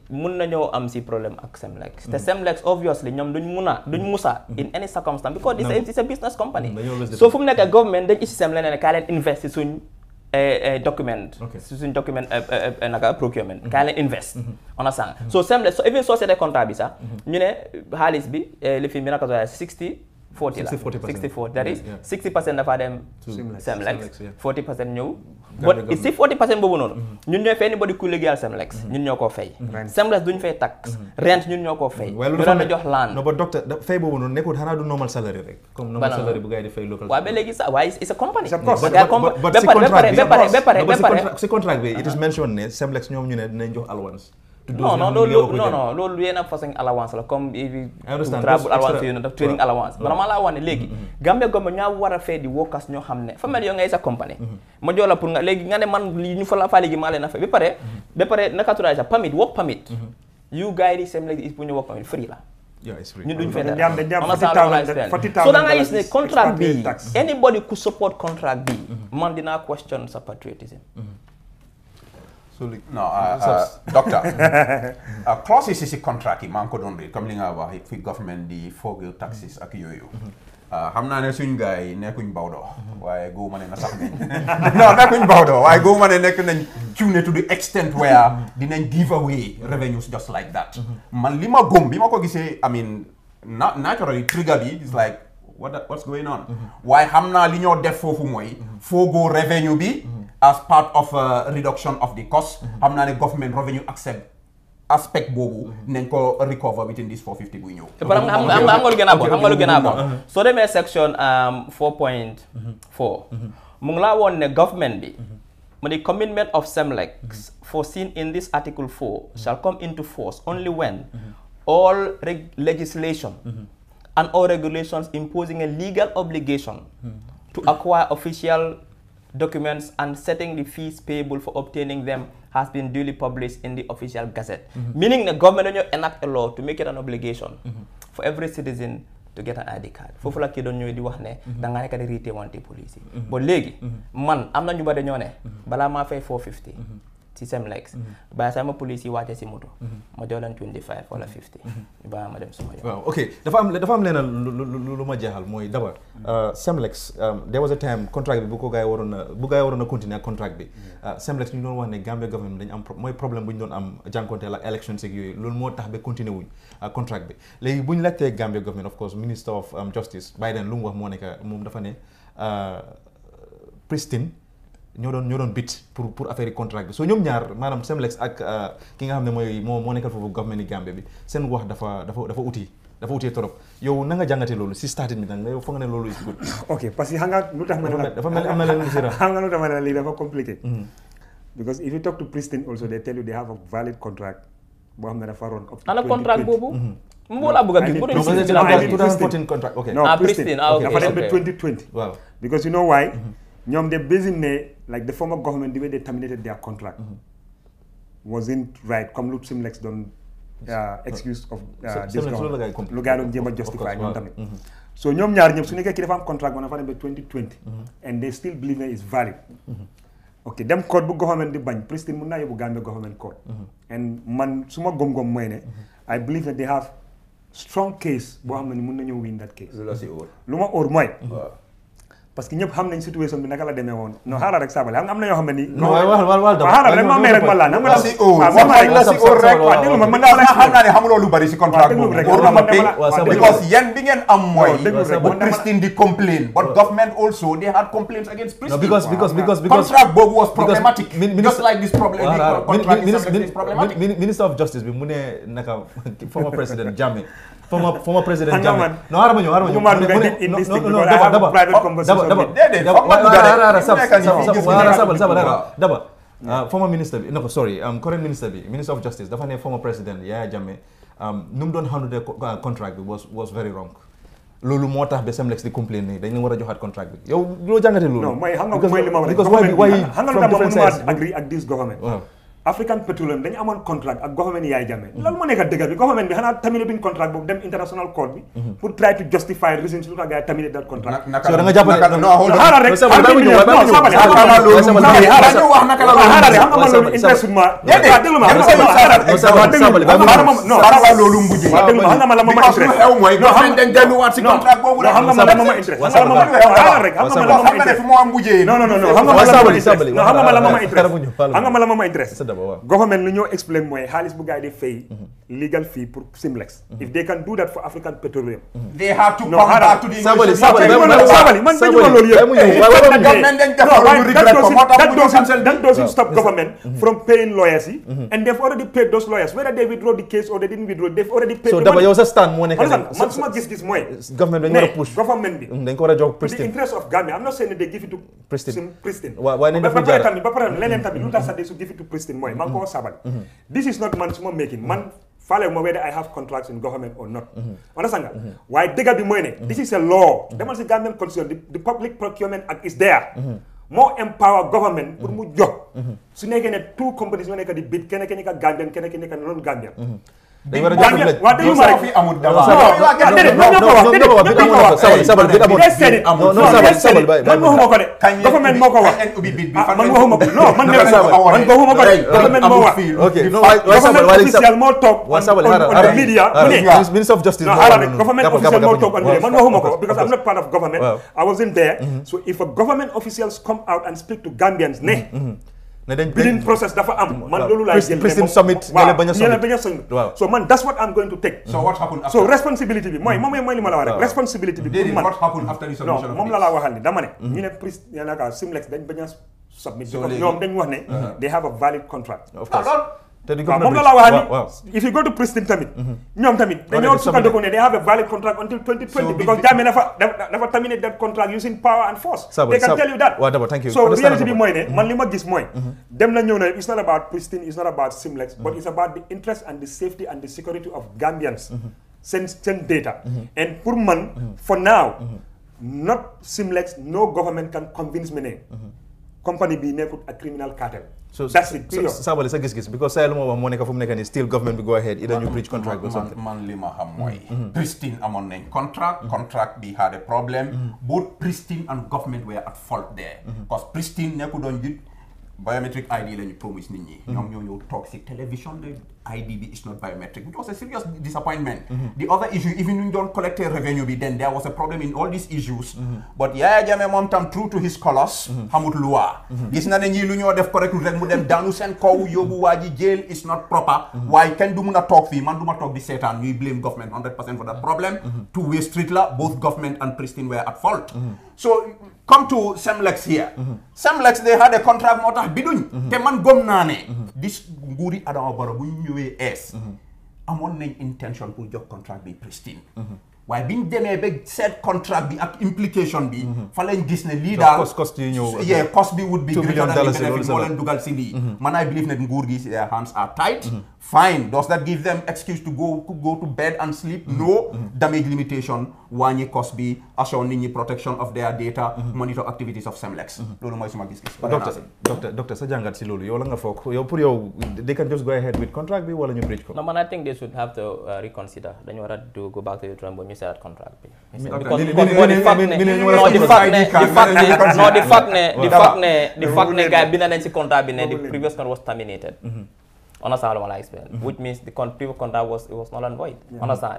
mun nañoo am si problème ak Semlex te mm-hmm. Semlex obviously ñoom duñ mun a duñ musa in mm-hmm. any circumstance because it's a business company mm-hmm. so fu mu nekk government dañ isi Semlex ne ne kaa leen invest si eh, eh, suñ document suñ eh, document naka procurement kaa leen invest on a sang so Semlex so even société bi sax ñu ne xaalis bi li fi bi naka sixty 40 la 60 40 that is 60 percent dafa dem Semlex 40 percent ñëw but si 40 percent boobu noonu mm-hmm. ñun ñooy fay anybody ku liggéeyal Semlex mm-hmm. ñun ñoo koo fay mm-hmm. Semlex duñ fay tax rent ñun ñoo koo fay ñu doon jox laan non ba docteur fay boobu noonu nekkul xanaa du normal salary rek comme normal salary bu gars yi di fay local waaw ba léegi sax waaye it's a company ba pare ba pare ba pare si contract bi it is mentioned ne Semlex ñoom ñu ne dinañ jox allowance non non loolu non non loolu yenn façon allowance la comme travel allowance you know training allowance bana maa laa wax ne mm-hmm, léegi mm-hmm. Gambia government ñaa war a fay di workers ñoo xam ne famille yoo ngay sa compagnie mm-hmm. ma jox la pour nga léegi nga ne man li ñu fa la faa léegi maa leen a ba pare ba pare naka tudd sa permit work permit you guys yi seen léegi pour ñu work permit free la ñu duñ fay da nga gis ne contract bi anybody ku contract bi man dinaa question sa patriotism apostolic. non uh, uh, docteur uh, clauses yi si contrat yi maa ngi ko doon read comme li nga wax fi government di forgive taxes ak yooyu. Mm-hmm. xam naa ne suñ gars yi nekkuñ bawdoo mm-hmm. waaye góobu ma ne na sax nañ non nekkuñ bawdoo waaye góobu ma ne nekk nañ cuune to the extent where mm-hmm. dinañ give away revenues just like that man li ma góom bi ma ko gisee I mean naturally trigger bi is like what what's going on waaye xam naa li ñoo def foofu mooy foogoo revenue bi as part of a uh, reduction of the cost I'm not a government revenue accept aspect bobo, mhm. nañ ko recover within this 450 buy ñëw am nga lu gën a i am going to get a So soo demee section 4.4 um, mhm. mhm. mu ngi the ne government bi mu ne commitment of SEMLEX foreseen in this article 4 shall come into force only when all legislation and all regulations imposing a legal obligation to acquire official documents and setting the fees payable for obtaining them has been duly published in the official gazette. Mm -hmm. Meaning the government dañoo enact a law to make it an obligation mm-hmm. for every citizen to get an ID card foofu la kii doon ñëwee di wax ne mm-hmm. da nga nekk di riite wante police yi mm-hmm. léegi man am na ñu bari ñoo ne balaa maa fay 450 ci Semlex bàyyi sama police yi wàcce si moto ma mhm. jox leen twenty five wala mhm. fifty ba ma dem suma yoon waaw ok dafa am dafa am leena ma jeexal mooy d'abord mm. euh, Semlex um, there was a time contract bi bu ko gars yi waroon a bu gars yi waroon a continuer ak contract bi euh, Semlex ñu doon wax ne Gambia government dañ am mooy problème bu ñu doon am jànkonteel ak élection seg yooyu loolu moo tax ba continuer wuñ euh, contract bi léegi bu ñu laajtee Gambia government of course minister of um, justice Biden lu mu wax moo nekk moom dafa ne pristine ñoo doon ñoo bit pour pour affaire bi soo ñoom ñaar maanaam Semlex ak euh, ki nga xam ne mooy moo moo foofu government ni Gambie bi seen wax dafa uti yow na nga loolu si statut bi nag nga foog ne loolu is good. Mm-hmm. if you talk to Pristine also they tell you they have a valid contract boo xam ne dafa ron. up to contract boobu. laa bëgg a bu doon contract ok. non ah, Pristine ah, dafa dem ba 2020. waaw mm-hmm. ñoom de basine ne. like the former government, the way they terminated their contract mm -hmm. wasn't right. Come look, Simlex don't uh, excuse of uh, this government. Lu gaa doon jéem a justify ñoom tamit. Mm-hmm. so ñoom ñaar ñëpp su nekkee ki dafa am contract ba na fa dem ba 2020. Mm-hmm. and they still believe it is valid. Mm-hmm. ok dem code bu government di bañ Pristine mun naa yóbbu Gambia government code. and man su ma gom-gom mooy ne. I believe that they have strong case boo xam ne mun nañoo win that parce que ñëpp xam nañ situation bi because yéen bi ngeen am mooy. di complain but government also they had complaints against Pristine. because because because contract boobu was problematic. just like this problem. contract is problematic. minister justice bi mu ne naka president Jammeh former former président Jammeh non xaaral ma ñëw xaaral daba former minister bi sorry um, current minister bi minister of justice dafa ne former président Yaya Jammeh um, nu mu doon handle uh, contract bi was very wrong loolu moo tax ba Semlex di complain nii dañ leen war a contract bi loolu non mooy xam nga mooy li ma war a agree ak this government African Petroleum dañu amoon contract ak government Yaya Jammeh loolu moo nekk dëgg bi government bi xanaa terminé bi contract boobu dem international court bi pour try to justify reasons lu tax gars yi terminé that contract so da nga jàpp ne xaaral rek xaaral rek xaaral loolu wax naka la xaaral rek xam nga loolu investment ma déglu ma non xaaral loolu mbuji déglu ma xam nga ma la ma ma intéresse xew mooy government dañ dellu waat si contract boobu xam nga ma la ma ma intéresse xam nga ma la ma ma intéresse d'abord waaw government lu ñoo explain mooy xaalis bu gars yi di fay mhm. legal fee pour Simlex mhm. if they can do that for African Petroleum mhm. they have to come back to the sabali sabali man bañu ma loolu yëpp that doesn't stop government mm-hmm. from paying lawyers yi mm-hmm. and they've already paid those lawyers whether they withdraw the case or they didn't withdraw they've already paid so d'abord yow sa stand moo nekk man suma gis-gis mooy government dañ war a push government bi mm, dañ ko war a jox pristine the interest of Gambia I'm not saying they give it to pristine pristine waaw waaye nañ def ba pare tamit leneen tamit lu tax mm-hmm. sax de su give it to pristine mooy maa ngi koo sabal mm-hmm. Mm-hmm. this is not man suma making man faale ma I have contracts in government or not mm-hmm. understand nga waaye dëgga bi mooy ne this is a law demal si Gambian constitution the public procurement is there moo empower government pour mu jox su nekkee ne two companies ñoo nekk di bid kenn ki nekk Gambian kenn ki nekk non Gambian dañu war a jàpp waaw dañu mara fi amul dama déedéet ñoom ñoo ko wax déedéet ñoom ñoo ko wax sabal sabal bi amul déedéet amul non sabal sabal bay man waxuma ko de government moo ko wax man waxuma ko non man nekk man waxuma ko de government moo wax ok non waay sabal waay officiel moo toog waay sabal haral media mu ne minister of justice non haral government officiel moo toog man waxuma ko because I'm not part of government I wasn't there so if a government officials come out and speak to Gambians ne ne dañ beneen process dafa am. man loolu laay jël Prism summit. bañ a summit so man that's what I'm going to take. responsibility bi mooy moom mooy li ma la wax rek. responsibility bi pour man moom la waxal ni dama ne. Hmm. ñu ne Prism naka Symlex dañ bañ a submit. ñoom dañ wax ne. Uh-huh. they have a valid contract. te duñ ko mën a wax if you go to Princeton tamit. Mhm. ñoom tamit dañoo sukkandiku ne they have a valid contract until 2020. because Jammeh dafa dafa terminate that contract using power and force. they can tell you that. so reality bi mooy ne man mhm. li ma gis mooy. Mhm. dem na ñëw na it's not about Princeton it's not about Simlex. but it's about the interest and safety and the security of Gambians. seen data. and pour man. for now. not Simlex no government can convince compagnie bi nekkut ak criminal cartel. so Sabaly sa gis-gis because say lu ma wax moo nekk fu mu nekk nii still government bi go ahead either ñu breach contract or something man li ma xam mooy mm-hmm. Mm-hmm. Pristine amoon nañ contract mm-hmm. contract bi had a problem both Pristine and government were at fault there because Pristine nekku doon biometric ID la promise nit ñi ñoom ñoo ñëw toog si télévision la IDB is not biometric, which was a serious disappointment. Mm -hmm. The other issue, even you don't collect a revenue, then there was a problem in all these issues. Mm-hmm. But yeah, Jame mom tam true to his colors, mm-hmm. Hamut Lua. This mm-hmm. na nengi lu ñoo def correct rek mu dem daanu seen kaw yóbbu waa ji jail is not proper. Waaye kenn du mun a toog fii man du ma toog di seetaan ñuy blame government for that problem. Two-way street both government and pristine were at fault. so come to Semlex here. Mhm. Semlex they had a contract moo tax biduñ. Mhm. te man gom naa ne. dis mhm. nguuri Adama Barrow bu ñu ñëwee ees. amoon nañ intention pour jox contract bi pristine. waaye bi ñu demee ba contract bi implication bi. fa gis ne lii daal would be greater than the benefit moo leen dugal si lii. man I believe ne nguur gi hands are tight. fine does that give them excuse to go to bed and sleep mm-hmm. no mm-hmm. damage limitation wàññi cost bi assure nit ñi protection of their data mm-hmm. monitor activities of Semlex loolu sa jàngat si loolu yow la nga yow pour yow they can just go ahead with contract bi wala ñu breach ko I think they should have to uh, reconsider dañu war a do go back to the drawing board ñu seetaat contract bi no di fact ne di fact ne di fact ne gars bi na nañ ne the previous one understand what I'm saying? Which means the previous contract was it was understand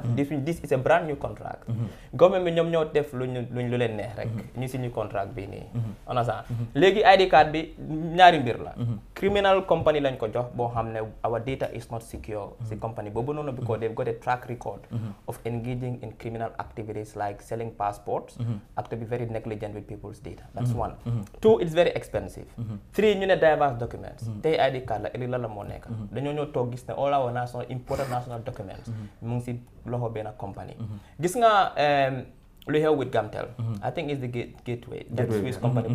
mm-hmm. this is a brand new contract. Mm-hmm. government bi ñoom ñoo def lu leen neex rek. Mm-hmm. ñu si ñu contract bi nii. understand léegi ID card bi ñaari mbir la. criminal company lañ ko jox boo xam ne our data is not secure. si company boobu noonu because they've got a track record. of engaging in criminal activities like selling passports. ak to very negligent with people's data. that's one. two ne dañoo ñoo toog gis ne all our national important national documents mm-hmm. mu ngi si loxo benn company mm-hmm. gis nga um, lu xew with Gamtel mm-hmm. I think is the gateway that Swiss company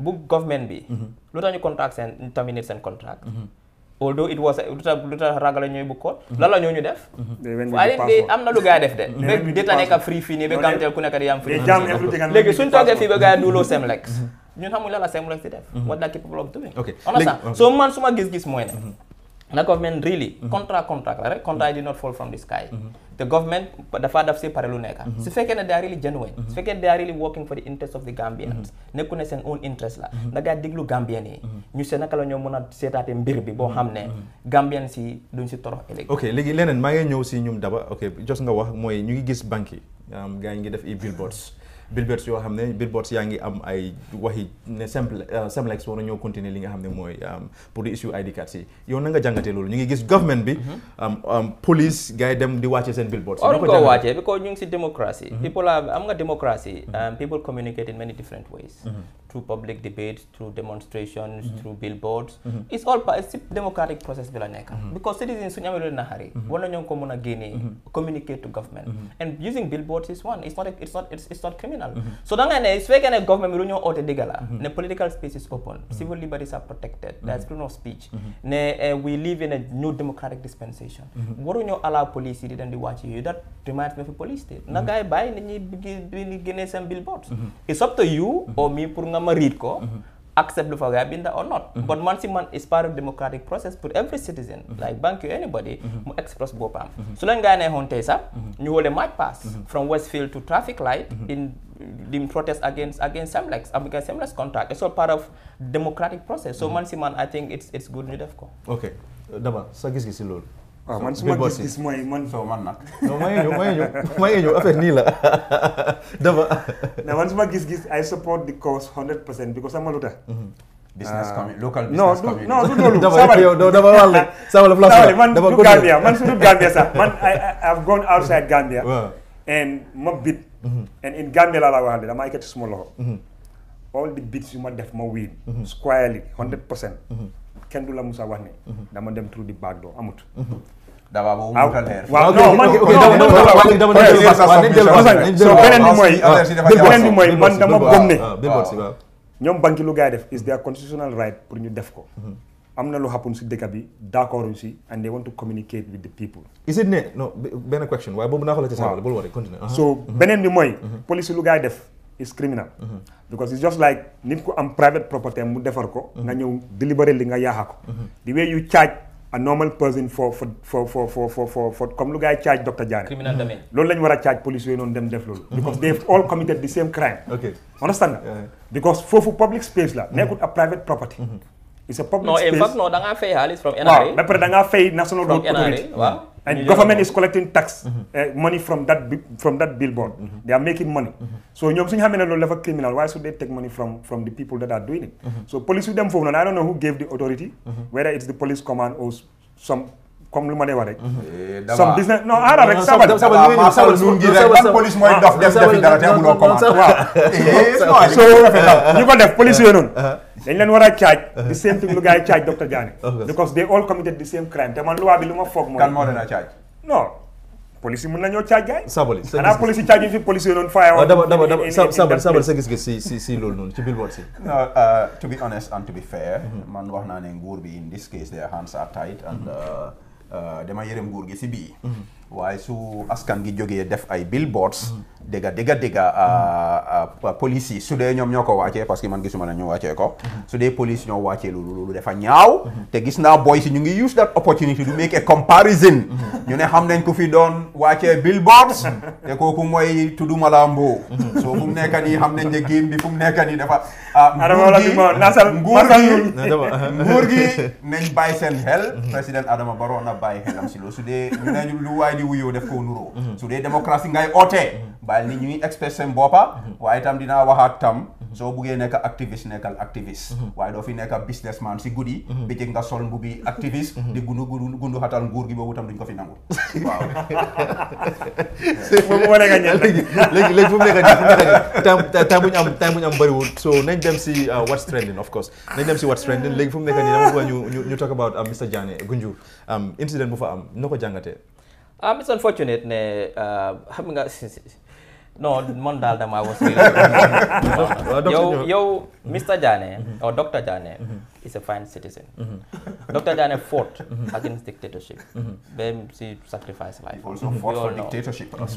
bu government bi lu tax ñu contract seen terminate seen contract although it was lu tax lu ñooy bu ko la ñoo ñu def waaye de am na lu gaa yi def de ba data nekk free fii nii ba Gamtel ku nekk di am free léegi suñ toogee fii ba gaa yi duuloo Semlex ñun xamuñ la la Semlex di def what that gis-gis the government really contract contract la rek contract did not fall from the sky mhm. the government dafa daf see pare lu nekk mhm. su fekkee ne they are really mhm. su fekkee they are really working for the interest of the Gambians nekku ne seen own interest la da ngaa déglu Gambian yi ñu seen naka la ñoo mën a seetaate mbir bi boo xam ne Gambian si lu duñ si toro ëllëg ok leneen maa ngi ñëw si ñum daba ok jos nga wax mooy ñu ngi gis banque yi gaa yi ngi def i billboards billboards yoo xam ne billboards yaa ngi am ay waxi ne simple euh, Semlex war a ñoo continuer li nga xam ne mooy um, pour di issue ID cards yi yow na nga jàngatee loolu ñu ngi gis government bi mhm. um, um, police gars dem di wàcce seen billboards or mhm. nga démocratie mhm. people communicate through public debates through demonstrations through billboards it's all part si democratic process bi la nekk because citizens suñu amee loolu na xari war na ñoo ko mën a génnee communicate to government criminal mm-hmm. so da nga ne su fekkee ne government bi lu ñoo oote digga la mm-hmm. ne political space is open mm-hmm. civil liberties are protected there's freedom of speech ne eh, we live in a new democratic dispensation waruñoo allow police yi di dem di wàcc that reminds me of a police state na gars yi ñi génnee seen billboards it's to you or me pour nga ma read ko accept Lufagaya Binda or not. Mhm. But once man is part of democratic process for every citizen, mm -hmm. like bank you anybody, mhm. mu express bopam. Mhm. So lang gane hontesa, ñu wolé march pass from Westfield to traffic light in the protest against against Semlex, against Semlex contract. It's all part of democratic process. So man si man I think it's good ñu def ko. Okay. Daba, sa gis gis lolu. waaw ah, man su ma gis-gis mooy man soo man nag. non maa ngi ñëw maa ngi ñëw maa nii la dama. man su ma gis-gis I support the cause 100% because sama lu tax. Mhm. business ah. community local business community. non du loolu sabali yow dama wàll Gambia man su Gambia sax man I mhm. Gambia. and ma bit. Mhm. and in la wax de damaa yëkkati loxo. all the bits yu ma def ma wiin. squarely 100% kenn du la musa wax ne. dama dem through the back door amut. daba boobu mu tànnee. waaw non man dama beneen ne. ñoom banque lu gars yi def is their constitutional right pour ñu def ko. am na lu happen si dëkk bi d' accord si and they want to communicate with the people. is it ne non benn question waaye boobu naa ko la ci saabal bul waree continue. so beneen bi mooy. police lu gars yi def. is criminal. because it's just like nit ku am private property mu defar ko. nga ñëw délibéré li nga yaaxa ko. the way you charge a normal person for for for for for for for comme lu gars yi charge docteur Diané. criminal hmm. domaine loolu la war a charge police yooyu noonu dem def loolu. Hmm. because they all committed the same crime. understand because foofu public space la. Hmm. nekkul a private property. it's a public space non in fact non from NRA. ba pare da ngaa national road authority waaw. government is collecting tax money from that billboard. They are making money. So ñoom suñu xamee ne loolu dafa criminal why should they take money from the people that are doing it. So police yu dem foofu noonu I don't know who gave the authority. whether it's the police command or some comme lu ma dee wax rek. some business non a rek sabal. sabal police mooy dof def defi dara te amuloo commande. police yooyu noonu. dañ leen war a charge the same thing lu gars yi charge Dr. Jani because they all committed the same crime te man loi bi lu ma foog mooy kan moo leen a charge non police yi mën nañoo charge gars yi sabali xanaa police yi charge yi yi doon fire sa gis-gis si si si loolu noonu ci billboard si uh, to be honest and to be fair mm-hmm. man wax naa ne nguur bi in this case their hands are tied and mm-hmm. uh, uh, dama yërëm nguur gi si bii mm-hmm. waaye su askan gi jógee ya, def ay billboards. dégga dégga dégga ah, ah, ah, police yi su dee ñoom ñoo ko wàccee parce que man gisuma ne ñu wàccee ko. su dee police ñoo wàccee loolu loolu dafa ñaaw. te gis naa boy si ñu ngi use that opportunity to make a comparison. ñu ne xam nañ ko fi doon wàccee billboards. te kooku mooy tudduma la mbo. so fu mu nekk nii xam nañ ne game bi fu mu nekk nii dafa. nguur gi nguur gi nañ bàyyi seen xel. président Adama Barrow na bàyyi xelam si loolu su dee ñu ne lu waay di wuyo def ko nuro su dee démocratie ngay oté bal ni ñuy expression seen boppa tam dina waxaat tam so buge nek activist nekal activist waye do fi nek businessman si bi bëccëg nga sol mbubi activist di gundu gundu gundu hatal nguur gi boobu tam duñ ko fi nangu waaw moom moo nekk ñett léegi léegi fu mu nekk tam tam buñ am tam buñ am bari wul so nañ dem si what's trending of course nañ dem si what's trending léegi fu mu nekk nii dama ko ñu ñu talk about uh, Mr Jammeh um incident bu fa am um, noo jangate Um, it's unfortunate ne xam uh, nga non man daal damaa was yow yow Mr Jammeh or Dr Jammeh is a fine citizen mm-hmm. Dr. Jane fought mm-hmm. against dictatorship. Then mm-hmm. she sacrificed life.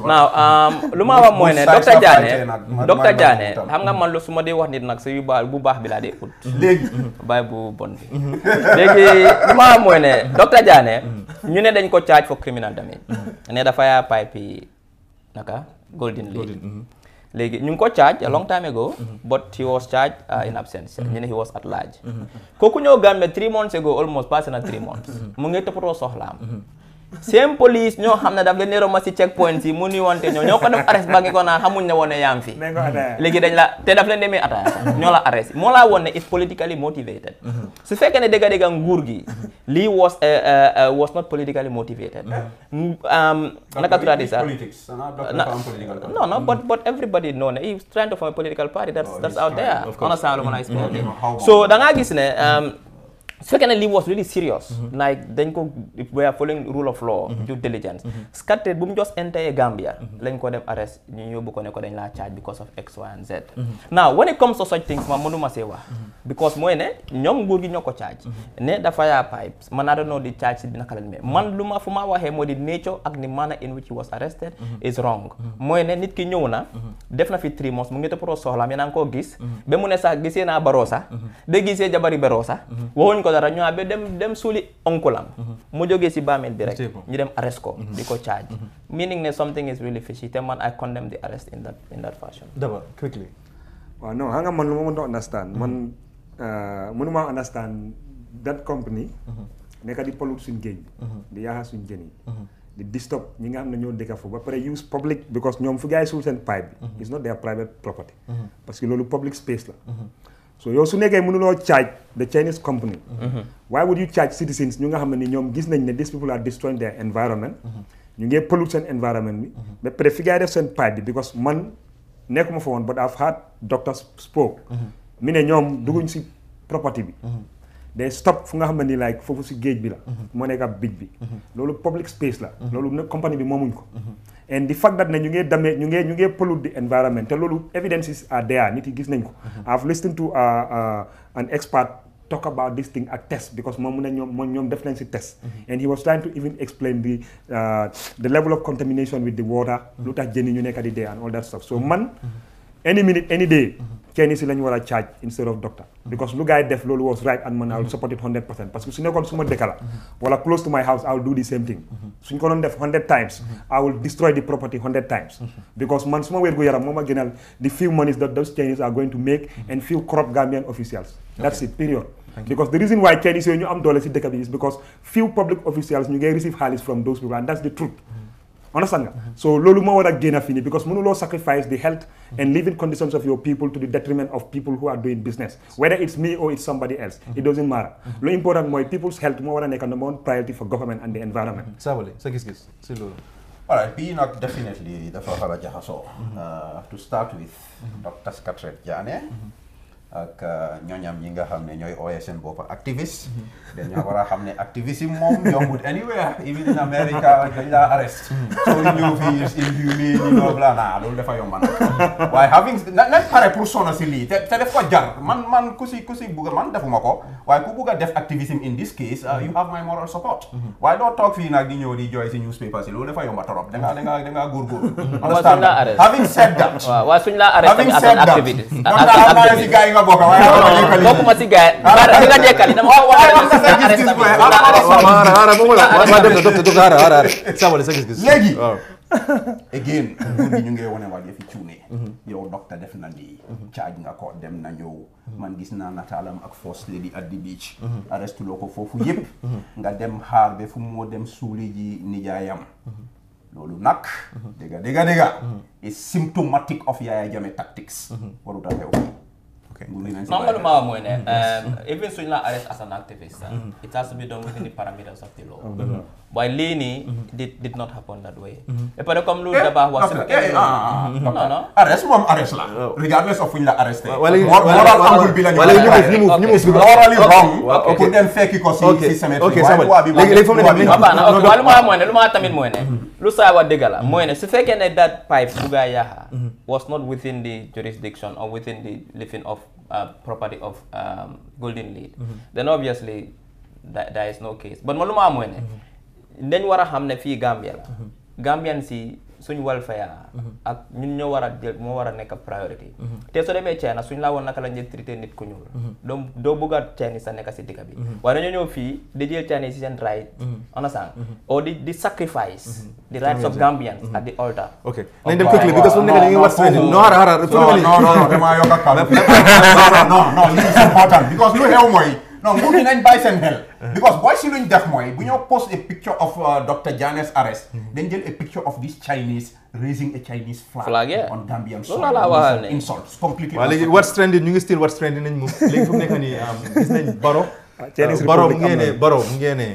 Now, um, lu ma wax mooy ne Dr. Jane Dr. Jane xam nga man lu su ma dee wax nit nag si yu baax bu baax bi laa dee ut. Mm-hmm. léegi bàyyi bu bon bi. léegi lu ma wax mooy ne Dr. Jane ñu ne dañ ko charge for criminal damage. ne dafay pipe naka golden lead. léegi ñu ngi ko charge a mm-hmm. long time ago mm-hmm. but he was charged uh, in absence ñu mm-hmm. ne he was at large kooku ñëw Gambia three months ago almost passé na three months mu ngi toppatoo soxlaam seen police ñoo xam ne daf leen ne romb si check point yi mu nuyonte ñoo ñoo ko def arrest ba ko naan xamuñ ne ne yaa ngi fi léegi dañ la te daf leen demee attaque ñoo la arrest moo laa woon ne is politically motivated mm-hmm. su fekkee ne dëgga dëgga nguur gi mm-hmm. lii eh, eh, eh, was not politically motivated um, naka a political party oh, mm-hmm. gis ne um, su fekkee ne lii was really serious mhm. like dañ ko we are following rule of law mhm. due diligence mhm. scatter bu mu jos entire Gambia lañ ko dem arrest ñu yóbbu ko ne ko dañ laa charge because of x y and z now when it comes to such things ma mënuma see wax because mooy ne ñoom nguur gi ñoo ko charge ne dafa yaa pipes man I don't know di charge bi naka lañ mee man lu ma fu ma waxee moo di nature ak ni manner in which he was arrested is wrong mooy ne nit ki ñëw na def na fi three mu ngi toppatoo soxlaam yéen a ngi gis ba mu ne sax gisee naa baroo sax de gisee jabari baroo sax ko dara ñu be dem dem suuli onkulam mhm. mu jógee si bàmmeel bi rek ñu dem arrest ko mhm. di ko charge mhm. meaning ne something is really fishy te man I condemn the arrest in that in that fashion d'abord quickly waaw non xam nga man lu ma mënta understand man euh, mënuma understand that company nekka di pollute suñ géej bi di yaaxa suñ jën yi di disturb ñi nga xam ne ñoo dëkk foofu ba pare use public because ñoom fu gars yi suul seen pipe it's not their private property parce que loolu so yow su nekkee mënuloo charge the Chinese company mm-hmm. why would you charge citizens ñu nga xam ne ñoom gis nañ ne these people are destroying their environment mm-hmm. ñu ngee pollute seen environment bi mais mm-hmm. pare fi ngay def seen pipe because man nekkuma fa woon but I've had doctors spoke mi ne ñoom dugguñ si property bi day stop fu nga xam ne ni like foofu si géej bi la mhm. moo nekk ab bi mhm. loolu public space la mhm. loolu nag compagnie bi moomuñ ko and the fact that ne ñu ngee damee ñu ngee ñu ngee pollute the environment te loolu evidences are there nit yi gis nañ ko I've listened to uh, uh, an expert talk about this thing ak test because moom mu ne ñoom moom ñoom def nañ si test and he was trying to even explain the uh, the level of contamination with the water lu tax jëni ñu nekk di dee chemist lañu war a charge instead of doctor because lu gars def loolu was right and man I'll support it hundred percent parce que su nekkoon suma la wala close to my house I will do the same thing suñ ko def hundred times I will destroy the property hundred times because man suma wér gu yaram moom a gënal the few monies that those Chinese are going to make and few corrupt Gambian officials that's it period because the reason why Chinese yooyu ñu am doole understand nga so loolu moo war a génn fii nii because mënuloo sacrifice the health and living conditions of your people to the detriment of people who are doing business whether it's me or it's somebody else it doesn't matter lu important mooy people's health moo war a nekk number priority for government and the environment mm-hmm. Sabally sa gis-gis uh, to start with doctor Skatred Jaane ak ñoñam ñi nga xam ñoy OSN ooyee seen bopp activiste dañoo war a yombut anywhere even in America dañ la arrest soo in fii inhumé ñi ñoo bla naa loolu dafa yomb why having na pare pour son aussi li te te def ko jar man man ku ci ku si bugg man defuma ko why ku bugg def activism in this case uh, you have my moral support mhm. why don't talk fi nak di ñew di joy si newspaper ci loolu dafa yomba torop da nga da nga da nga gor gor having said that wa suñ la arrest having said that nga bokk waaye bokkuma si gars yi. baara di nga dekkali dama ko war a dem sa gis-gis waaye ara moom la ma dem na docteur docteur ara ara sabali sa gis-gis léegi again ñi ñu ngi wane waat yëfi cuune yow docteur def na nii caaj nga ko dem na ñëw man gis naa nataalam ak first lady at the beach arrest loo ko foofu yëpp nga dem xaar ba fu moo dem suuli ji nijaayam loolu nag dégga dégga dégga is symptomatic of Yaya Jammeh tactics waruta xew Okay. Normal Mm Mwene, um, even so not arrest as an activist, uh, mm -hmm. it has to be done within the parameters of the law. Mm -hmm. While mm did, did not happen that way. Epada hmm. kam lu eh, da bahwa sebagai eh, ah, ah, ah. no no. Arrest mom arrest lah. Oh. Regardless of when you arrest. Moral angle bila ni. Wala ni move ni move ni move. Morally wrong. Okay, dem fake ko si si semet. Okay, sama. Legi fo ni ni. Ba na. Okay, mo Mwene, lu ma tamit Mwene. Hmm. Lu sa wa degala. Mwene se fake that pipe buga yaha hmm. was not within the jurisdiction or within the living of uh, property of um, Golden Lead. Mm -hmm. Then obviously that there is no case. But maluma amwene. Then mm-hmm. wara hamne fi Gambia la. Mm-hmm. Gambian si suñ welfare ak ñun ñoo war a jël moo war a nekk priorité te soo demee China suñ laa woon naka la ñuy traité nit ku ñuul donc doo bëgg a Chinese a nekk si digga bi waaye dañoo ñëw fii di jël Chinese si seen right understand o di sacrifice the rights of Gambians at the altar ok nañ dem quickly because fu mu nekk nii war si non xaaral xaaral non non non damaa yokk ak non non non lii c'est important because lu xew mooy non nguur gi nañ bàyyi seen xel. a picture of uh, Dr. Janes a picture a Chinese flag. flag on Gambian soil. loolu ñu ngi still what's trending nañ moom léegi fu mu nekk nii um, gis nañ uh,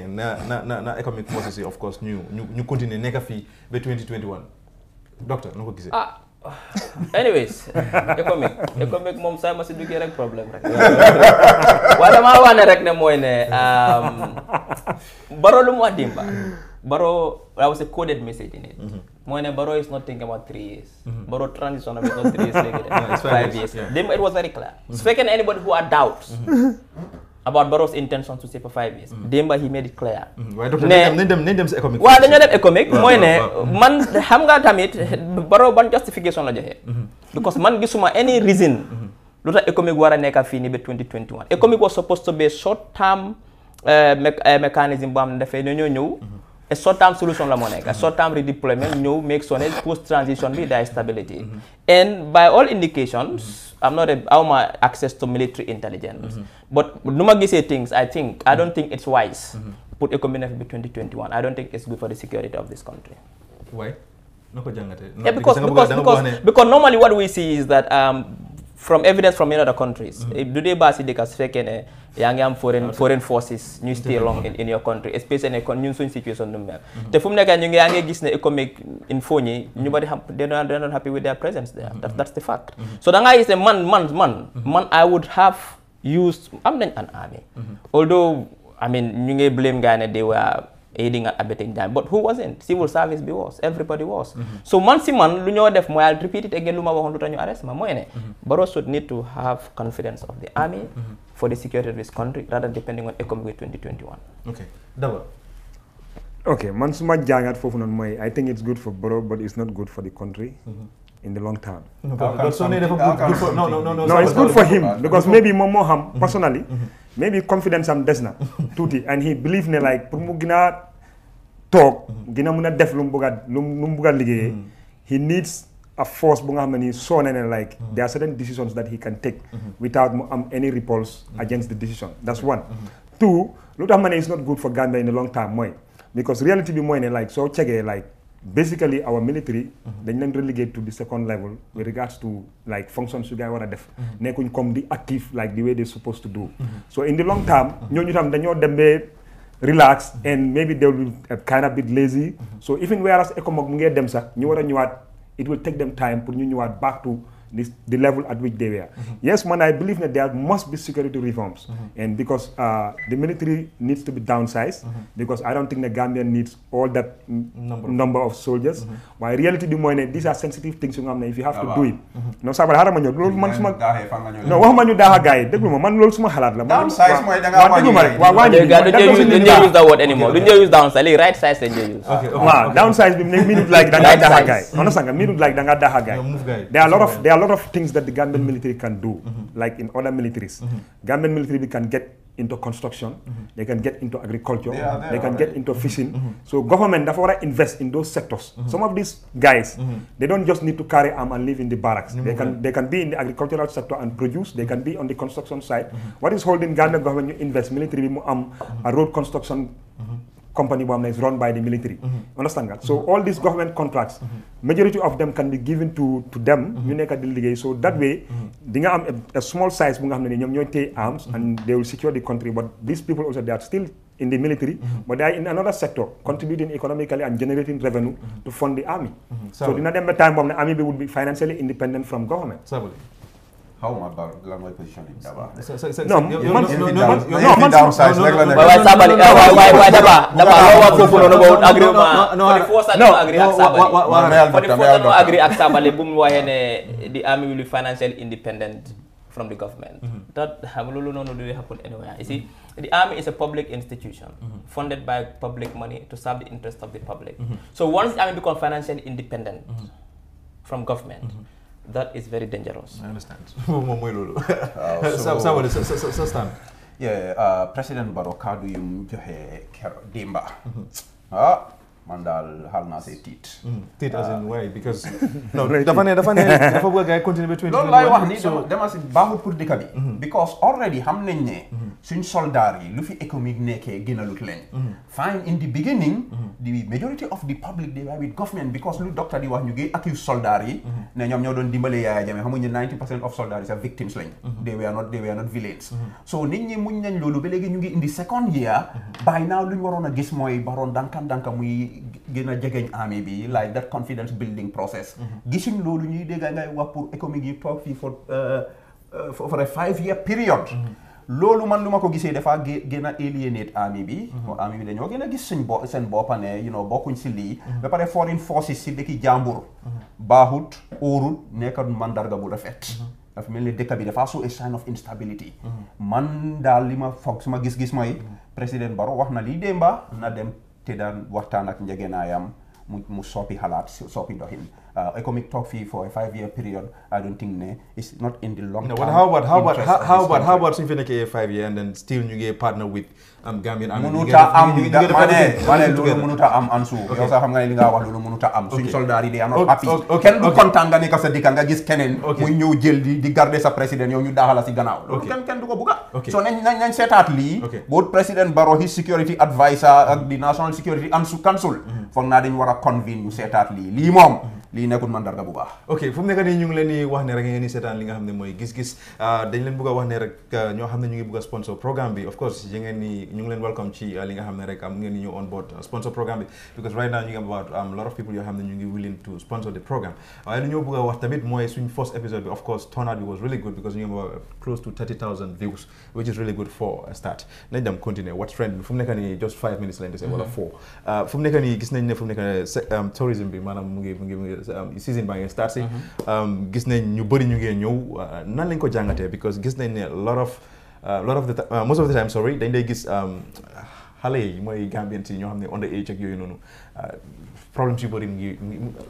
na na na na economic policy of course ñu ñu ñu continuer nekk fii ba 2021 docteur nu ko gisee. Ah, anyways économique économique moom saa ma si duggee rek problème rek waaw damaa wax ne ne mooy ne um, Barrow lu mu wax Demba Barrow that was a coded message in it mm-hmm. mooy ne Barrow is not thinking about three years mm-hmm. Barrow transition five years Demba it was very clear su mm-hmm. anybody who had doubts about Barrow's intentions to stay for five years. Mm. Demba he made it clear. Mm. waaye docteur nañ dem nañ dem si économique. waaw dañoo dem économique mooy ne man xam nga tamit Barrow ban justification la joxe. Mm-hmm. Mm-hmm. because man gisuma any reason. Mm-hmm. lu tax économique war a nekk fii nii ba 2021 économique was supposed to be short term eh, eh, mechanism boo xam ne dafay ñoo ñëw. e solution la mo nekka sottama redi problem post transition bi there stability and by all indications I'm not a, awma access to military intelligence but nu ma gisee things I don't think it's wise put a combination bi I don't think it's good for the security of this country because normally what we see is that um, from evidence from many other countries. du dee baa si dëkka su ne yaa ngi am foreign forces ñuy stay long in your country especially kon ñun situation nu mu mm-hmm. te fu mu nekk ñu ngi yaa ngi gis ne économique info ñi ñu bari xam happy with their presence there mm-hmm. that's the fact. Mm-hmm. so da ngaa man man man I would have used am nañ an army. although I mean ñu ngi blame guy ne they were aiding and abetting them but who wasn't civil service was everybody was mm-hmm. so man si man lu def I'll repeat it again Luma wa waxoon lu tax ñu arrest mm-hmm. should need to have confidence of the army mm-hmm. for the security of this country rather than depending on economic 2021 okay double. okay man su ma jàngat foofu noonu I think it's good for Barrow but it's not good for the country in the long term. No, no, no, no, no, it's good for him because maybe Momo Ham personally. maybe confidence am des na tuuti and he believe ne like pour mu gën a toog gën a mun a def lu mu bëgg lu mu bëgg a liggéeyee mm-hmm. he needs a force bu nga xam ne nii soo ne ne like mm-hmm. there are certain decisions that he can take mm-hmm. without mu am any repulse against the decision that's one two lu tax ma ne it's not good for Gambia in the long term mooy because reality bi mooy ne like soo cegee like basically our military mhm. dañ leen relegate to the second level with regards to like functions yu gaa war a def mhm. nekkuñ comme di active like the way they supposed to do mhm. so in the long term ñooñu tam dañoo dem bee relax and maybe they will kind of bit lazy so even whereas ECOMOG mu ngee dem sax ñu war a ñëwaat it will take them time pour ñu ñëwaat back to this, the level at which they were. Yes, man, I believe that there must be security reforms. Mm-hmm. And because the military needs to be downsized, because I don't think the Gambia needs all that number, of soldiers. mm reality di mooy ne these are sensitive things yu nga xam ne if you have to do it. non sabar xaaral ma ñëw man suma non wax ma ñu daax a gars ma man loolu suma xalaat la. bi man déglu si nit ñi use that word anymore du ñu use downsize léegi right size lañ use. waaw downsize bi mu like da ngaa daax a gars yi. non sax nga miinut a lot of things that the Gambian mm-hmm. military can do, mm-hmm. like in other militaries. Mm-hmm. Gambian military can get into construction, mm-hmm. they can get into agriculture, they, they can get into mm-hmm. fishing. So government therefore invest in those sectors. Some of these guys, they don't just need to carry arm and live in the barracks. They can they can be in the agricultural sector and produce. They can be on the construction side. What is holding Gambia government you invest military am um, a road construction company boo xam ne is run by the military. Mhm. understand nga mhm. so all these government contracts. Mhm. majority of them can be given to to them. ñu nekk di liggéey so that way. di nga a small size bu but they are still in the military. but they are in another sector contributing economically and generating revenue. to fund the army. so dina dem time boo xam ne army bi financially independent from government. xaw ma ba lan mooy position bi Daba. non man non man downside rek la nekk. waay Sabali waay waay waay Daba. Daba loo wax foofu noonu ba wut agrément. non non non agree ak Sabali bu mu waxee ne the army will be financially independent from the government. Mm-hmm. that xam loolu noonu du happen anywhere. You see, the army is a public institution mm-hmm. funded by public money to serve the interest of the public. Mm-hmm. So once the army becomes financially independent from government. that is very dangerous. I understand. Sawale ah, sa stand. yeah uh, président Barrow kàddu yi mu joxe keroog démba mm-hmm. ah man daal xaal naa see tiit. Mm-hmm. tiit as in ah. why because. non dafa ne dafa ne dafa bëgg a continuer ba. loolu wax ni dama si baaxul pour dëkk mm-hmm. because already xam nañ suñ soldaar yi lu fi économique nekkee gënalut leen mhm. fine in the beginning mhm. the majority of the public they were with government because lu docteur di wax ñu ngi accuse soldaar yi mhm. ne ñoom ñoo doon dimbale Yaya Jammeh xamuñ ne percent of soldaar yi sax victims lañ they were not not villains so nit ñi muñ nañ loolu ba léegi ñu ngi indi second year by now lu ñu waroon a gis mooy baroon dankan danka muy gën a jegeñ army bi like that confidence building process gisuñ loolu ñuy dégg ngay wax pour économique yi toog fii for euh, euh, for a five year period loolu man lu ma ko gisee dafa gën a alienate army bi mhm. army bi dañoo gën a gis suñ bo seen boppa ne you know bokkuñ si lii mhm. ba pare foreign forces si dëkki jàmbur mhm. baaxut óorul nekkul mandarga bu rafet dafa mel ni dëkk bi dafaa show a sign of instability man daal li ma foog ma gis-gis mooy président Barrow wax na lii démba na dem te daal waxtaan ak njegeenaayam mu mu soppi xalaat soppi ndoxin uh, talk fee for a five year period, I don't think ne, it's not in the long no, term. But how about how about how, how about how a five year and then still you get partner with um Gambian I mean, Munuta am you, you, you get am ansu. Yow li nga wax lolu munuta am. Suñ soldat yi they not happy. Kenn du content nga nekk sa dikka nga gis keneen muy ñëw jël di di garder sa président yow ñu daaxala si gannaaw. Loolu kenn kenn du ko bëgga. So nañ nañ seetaat lii both président Barrow lii nekkul mandarga bu baax ok fu mu nekk nii ñu ngi leen wax ne rek ngeen di seetaan li nga xam ne mooy gis-gis ah, dañ leen bëgg wax ne rek ah, ñoo xam ne ñu ngi bëgg sponsor programme bi of course ah, ñu ngi about a um, lot of people yoo xam ne ñu ngi willing to sponsor the programme waaye lu ñu bëgg a wax mooy suñ first episode bi of course turnout bi was really good because ñu ngi about close to 30000 views which is really good season um, by ngi start si gis nañ ñu bëri ñu ngee ñëw uh, nan lañ ko jàngatee because gis nañ ne lot of uh, lot of the uh, most of the time sorry dañ lay gis um, xale yi mooy Gambians yi ñoo xam under age ak yooyu noonu problems yu bëri ngi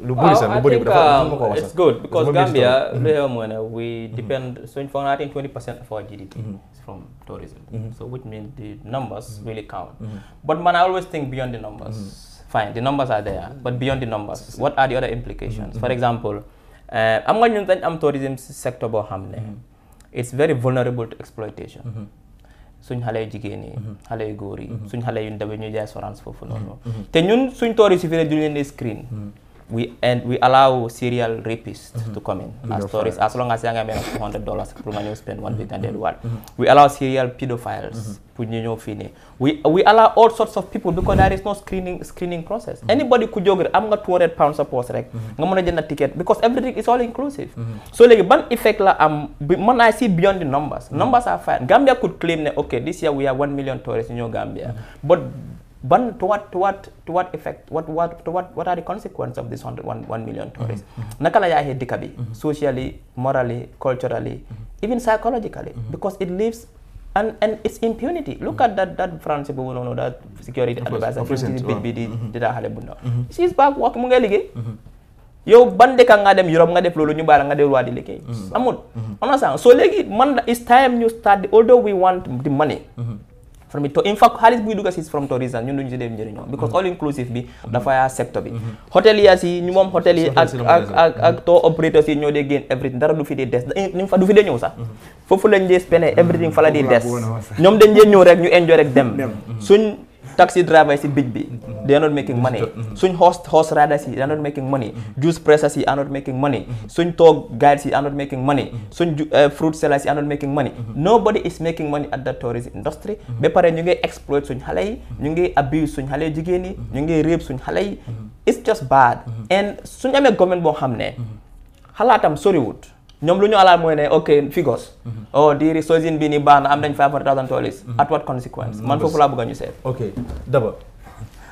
lu bëri sax lu bëri dafa um, ma wax it's good because Gambia lu xew we mm-hmm. depend suñ foog naa I think 20 percent of our GDP mm-hmm. is from tourism mm-hmm. so which means the numbers really count but man I always think beyond the numbers fine the numbers are there mm-hmm. but beyond the numbers what are the other implications mm-hmm. for example uh, am nga ñun dañ am tourism sector boo xam ne mm-hmm. it's very vulnerable to exploitation suñ xale yu jigéen yi xale yu góor yi suñ xale yu ndaw yi ñu diasporance foofu noonu te ñun suñ touristes yi fi ne leen di screen we and we allow serial rapists mm to mm-hmm. come as tourists as long as yaa ngi amee nag two hundred dollars pour nga ñëw spend mm-hmm. Mm-hmm. we allow serial pedophiles pour ñu ñëw fii nii we we allow all sorts of people because there is no screening screening process anybody ku jóg rek am nga pounds suppose rek nga mën a jënd ticket because everything is all inclusive so léegi ban effect la am man I see beyond numbers numbers are fine Gambia could claim ne okay this year we have ban to what to what to what effect what what to what what are the consequences of this one, one, one million mm-hmm. tourists naka la yaayee dikka bi mm-hmm. socially morally culturally mm-hmm. even psychologically because it leaves and and it's impunity look at that that France boobu noonu that security advisor bit bi di di daa xale bu ndaw she's back work mu ngay liggéey yow ban dëkka nga dem Europe nga def loolu ñu baala nga delluwaa di liggéey amul on a sens so léegi man it's time ñu start although we want the money from in fact xaalis buy dugga si from tourism ñun duñu si dee njëriñoo mm-hmm. because all inclusive bi mm-hmm. dafa yaa secteur bi mm-hmm. hôtel yi ñu moom hôtel yi ak ak ak operators yi ñoo dee génn everything dara du fi dee des ñu fa du fi dee ñëw sax foofu lañ dee spend everything fa la dee des ñoom dañ dee ñëw rek ñu enjoy rek dem suñ taxi drivers si bij bi mhm. they are not making money mhm. Mhm. suñ horse horse riders yi they are not making money juice pressers yi are not making money suñ tour guides yi are not making money suñ eh, fruit sellers yi are not making money nobody is making money at the tourism industry ba pare ñu ngi exploit suñ xale yi ñu ngi abuse suñ xale jigéen yi ñu ngi rape suñ xale yi it's just bad and suñ amee government boo xam ne xalaatam soriwut ñoom lu ñu alaal ne ok figos mhm. oh diiri sozin bi ni am nañ five hundred thousand dollars mhm. at what consequence man mhm. foofu laa bëgg ñu seet ok d'abord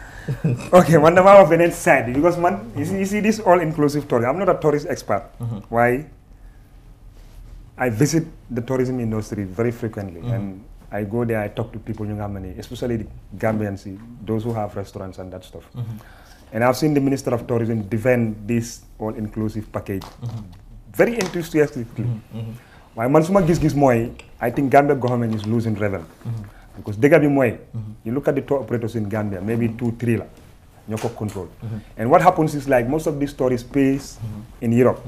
okay man damaa wax beneen side because man you see, you see this all inclusive tourism I'm not a tourist expert why I visit the tourism industry very frequently and I go there I talk to people ñu nga xam especially the Gambians those who have restaurants and that stuff and I've seen the Minister of Tourism defend this all inclusive package very enthusiastically. waaye man su gis-gis mooy I think Gambia government is losing revenue. because dëgg bi mooy. you look at the tour operators in Gambia maybe two three la ñoo ko control. and what happens is like most of these stories pays in Europe.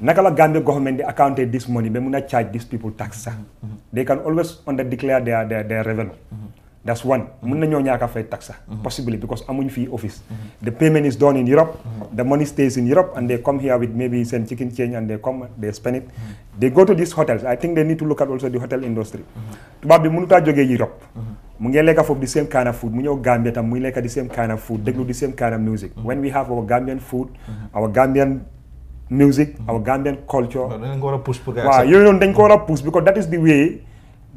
naka la Gambia government di accounted this money ba mun a charge these people tax sax. they can always under their revenue. That's one. Mm-hmm. Muna nyo fay taxa. Mhm. Possibly because amuñ fi office. The payment is done in Europe. Mhm. The money stays in Europe and they come here with maybe some chicken change and they come, they spend it. Mhm. They go to these hotels. I think they need to look at also the hotel industry. Tubaab bi mënutaa jógee Europe. mu ngi lekka foofu the same kind of food mu ñëw Gambia tam muy lekka the same kind of food déglu the same kind of music. When we have a push because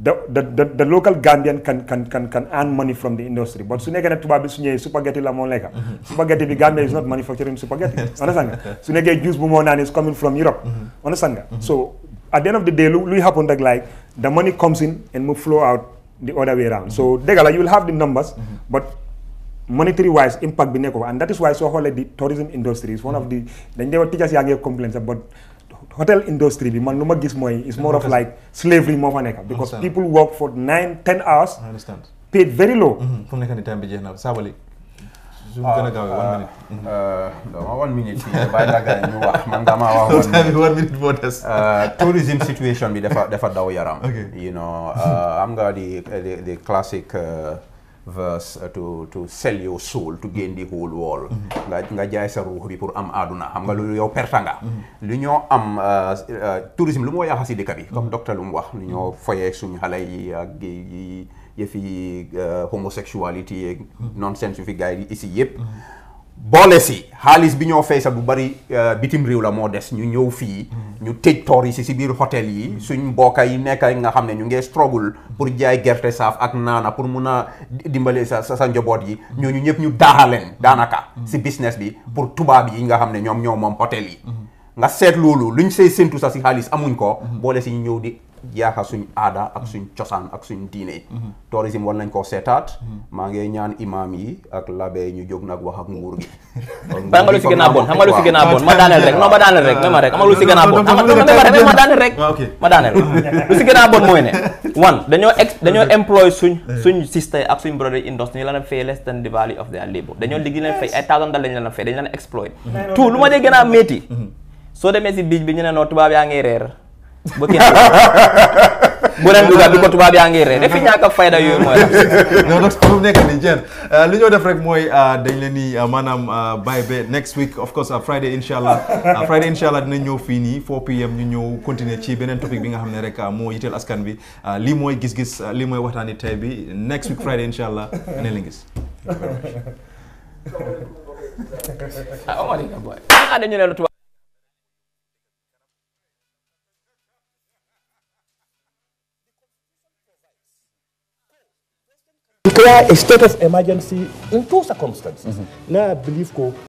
the, the, the, the, local Gambian can, can, can, can earn money from the industry. But sune gana tubabi sunye spaghetti la mon leka. Mm-hmm. Spaghetti bi Gambia is not manufacturing spaghetti. Understand? Sune ge juice bu mo is coming from Europe. Mm-hmm. Understand? Mm-hmm. So at the end of the day, we happen like the money comes in and will flow out the other way around. So degala you will have the numbers, but monetary wise impact bi nekk and that is why soo xoolee di tourism industry hotel industry bi man lu ma gis mooy it's more of like slavery moo fa nekk because people work for nine ten hours paid very low mm-hmm. fu nekk ni time bi jeex na saabali su ah, gën a gaawee one ah, minute dama mm-hmm. ah, one minute fii bàyyi wax man dama wax tourism situation bi dafa dafa daw yaram you know am nga di the classic Uh, to to sell your soul to gain the whole world mm-hmm. nga nga jaay sa ruux bi pour am aaduna xam nga loolu yow perta nga mm-hmm. lu ñoo am uh, uh, tourisme lu moo yaaxa si dëkk bi comme mm-hmm. docteur lu mu wax lu ñoo foyee suñu xale yi ak yi yëfi homosexualité yeeg nonsense yu fi gars yi ici yëpp boole si xaalis bi ñoo sa bu bari euh, bitim réew la moo des ñu ñëw fii ñu tëj toor yi si si biir hôtel yi mm-hmm. suñ mbokka yi nekk nga xam ne ñu ngee struggle pour jaay gerte saaf ak naana pour mun a dimbale sa sa njoboot yi mm-hmm. ñooñu ñëpp ñu daaxaleen mm-hmm. daanaka si business bi pour tubaab yi nga xam ne ñoom ñoo moom hôtel yi nga seet loolu luñ say séntu sax si xaalis amuñ ko boole si ñu ñëw di jaaxa suñ aada ak suñ cosaan ak suñ diine mhm. tourisme war nañ koo seetaat mhm. maa ngi ñaan imaam yi ak labe ñu jóg nag wax ak nguur gi xam nga lu si gën a bon a bon ma daaneel rek non ma daaneel lu si gën a bon a mooy ne one dañoo ex dañoo employ suñ suñ sister ak suñ brother industry ñu leen a less than the value of their labor dañoo mm-hmm. liggéey leen fay ay thousand dollars lañ leen a fay dañu leen a exploit mm-hmm. tout lu ma dee gën a métti mm-hmm. soo demee si biij bi ñu ne noo tubaab yaa ngi reer ba kenn bu ren dugal bi ko tubaab yaa ngi ree dafi ñàkk fayda yooyu mooy non donc pour nekk ni jeen euh, li ñoo def rek mooy euh, dañ leen ni euh, maanaam bàyyi ba next week of course Friday incha allah Friday incha allah dina ñëw fii nii 4 pm ñu ñëw continuer ci beneen topic bi nga xam ne rek moo yitteel askan bi lii mooy gis-gis lii mooy waxtaani tey bi next week Friday incha allah ne leen gis ah, declare a state of emergency in two circumstances. Mm -hmm. Now I believe go.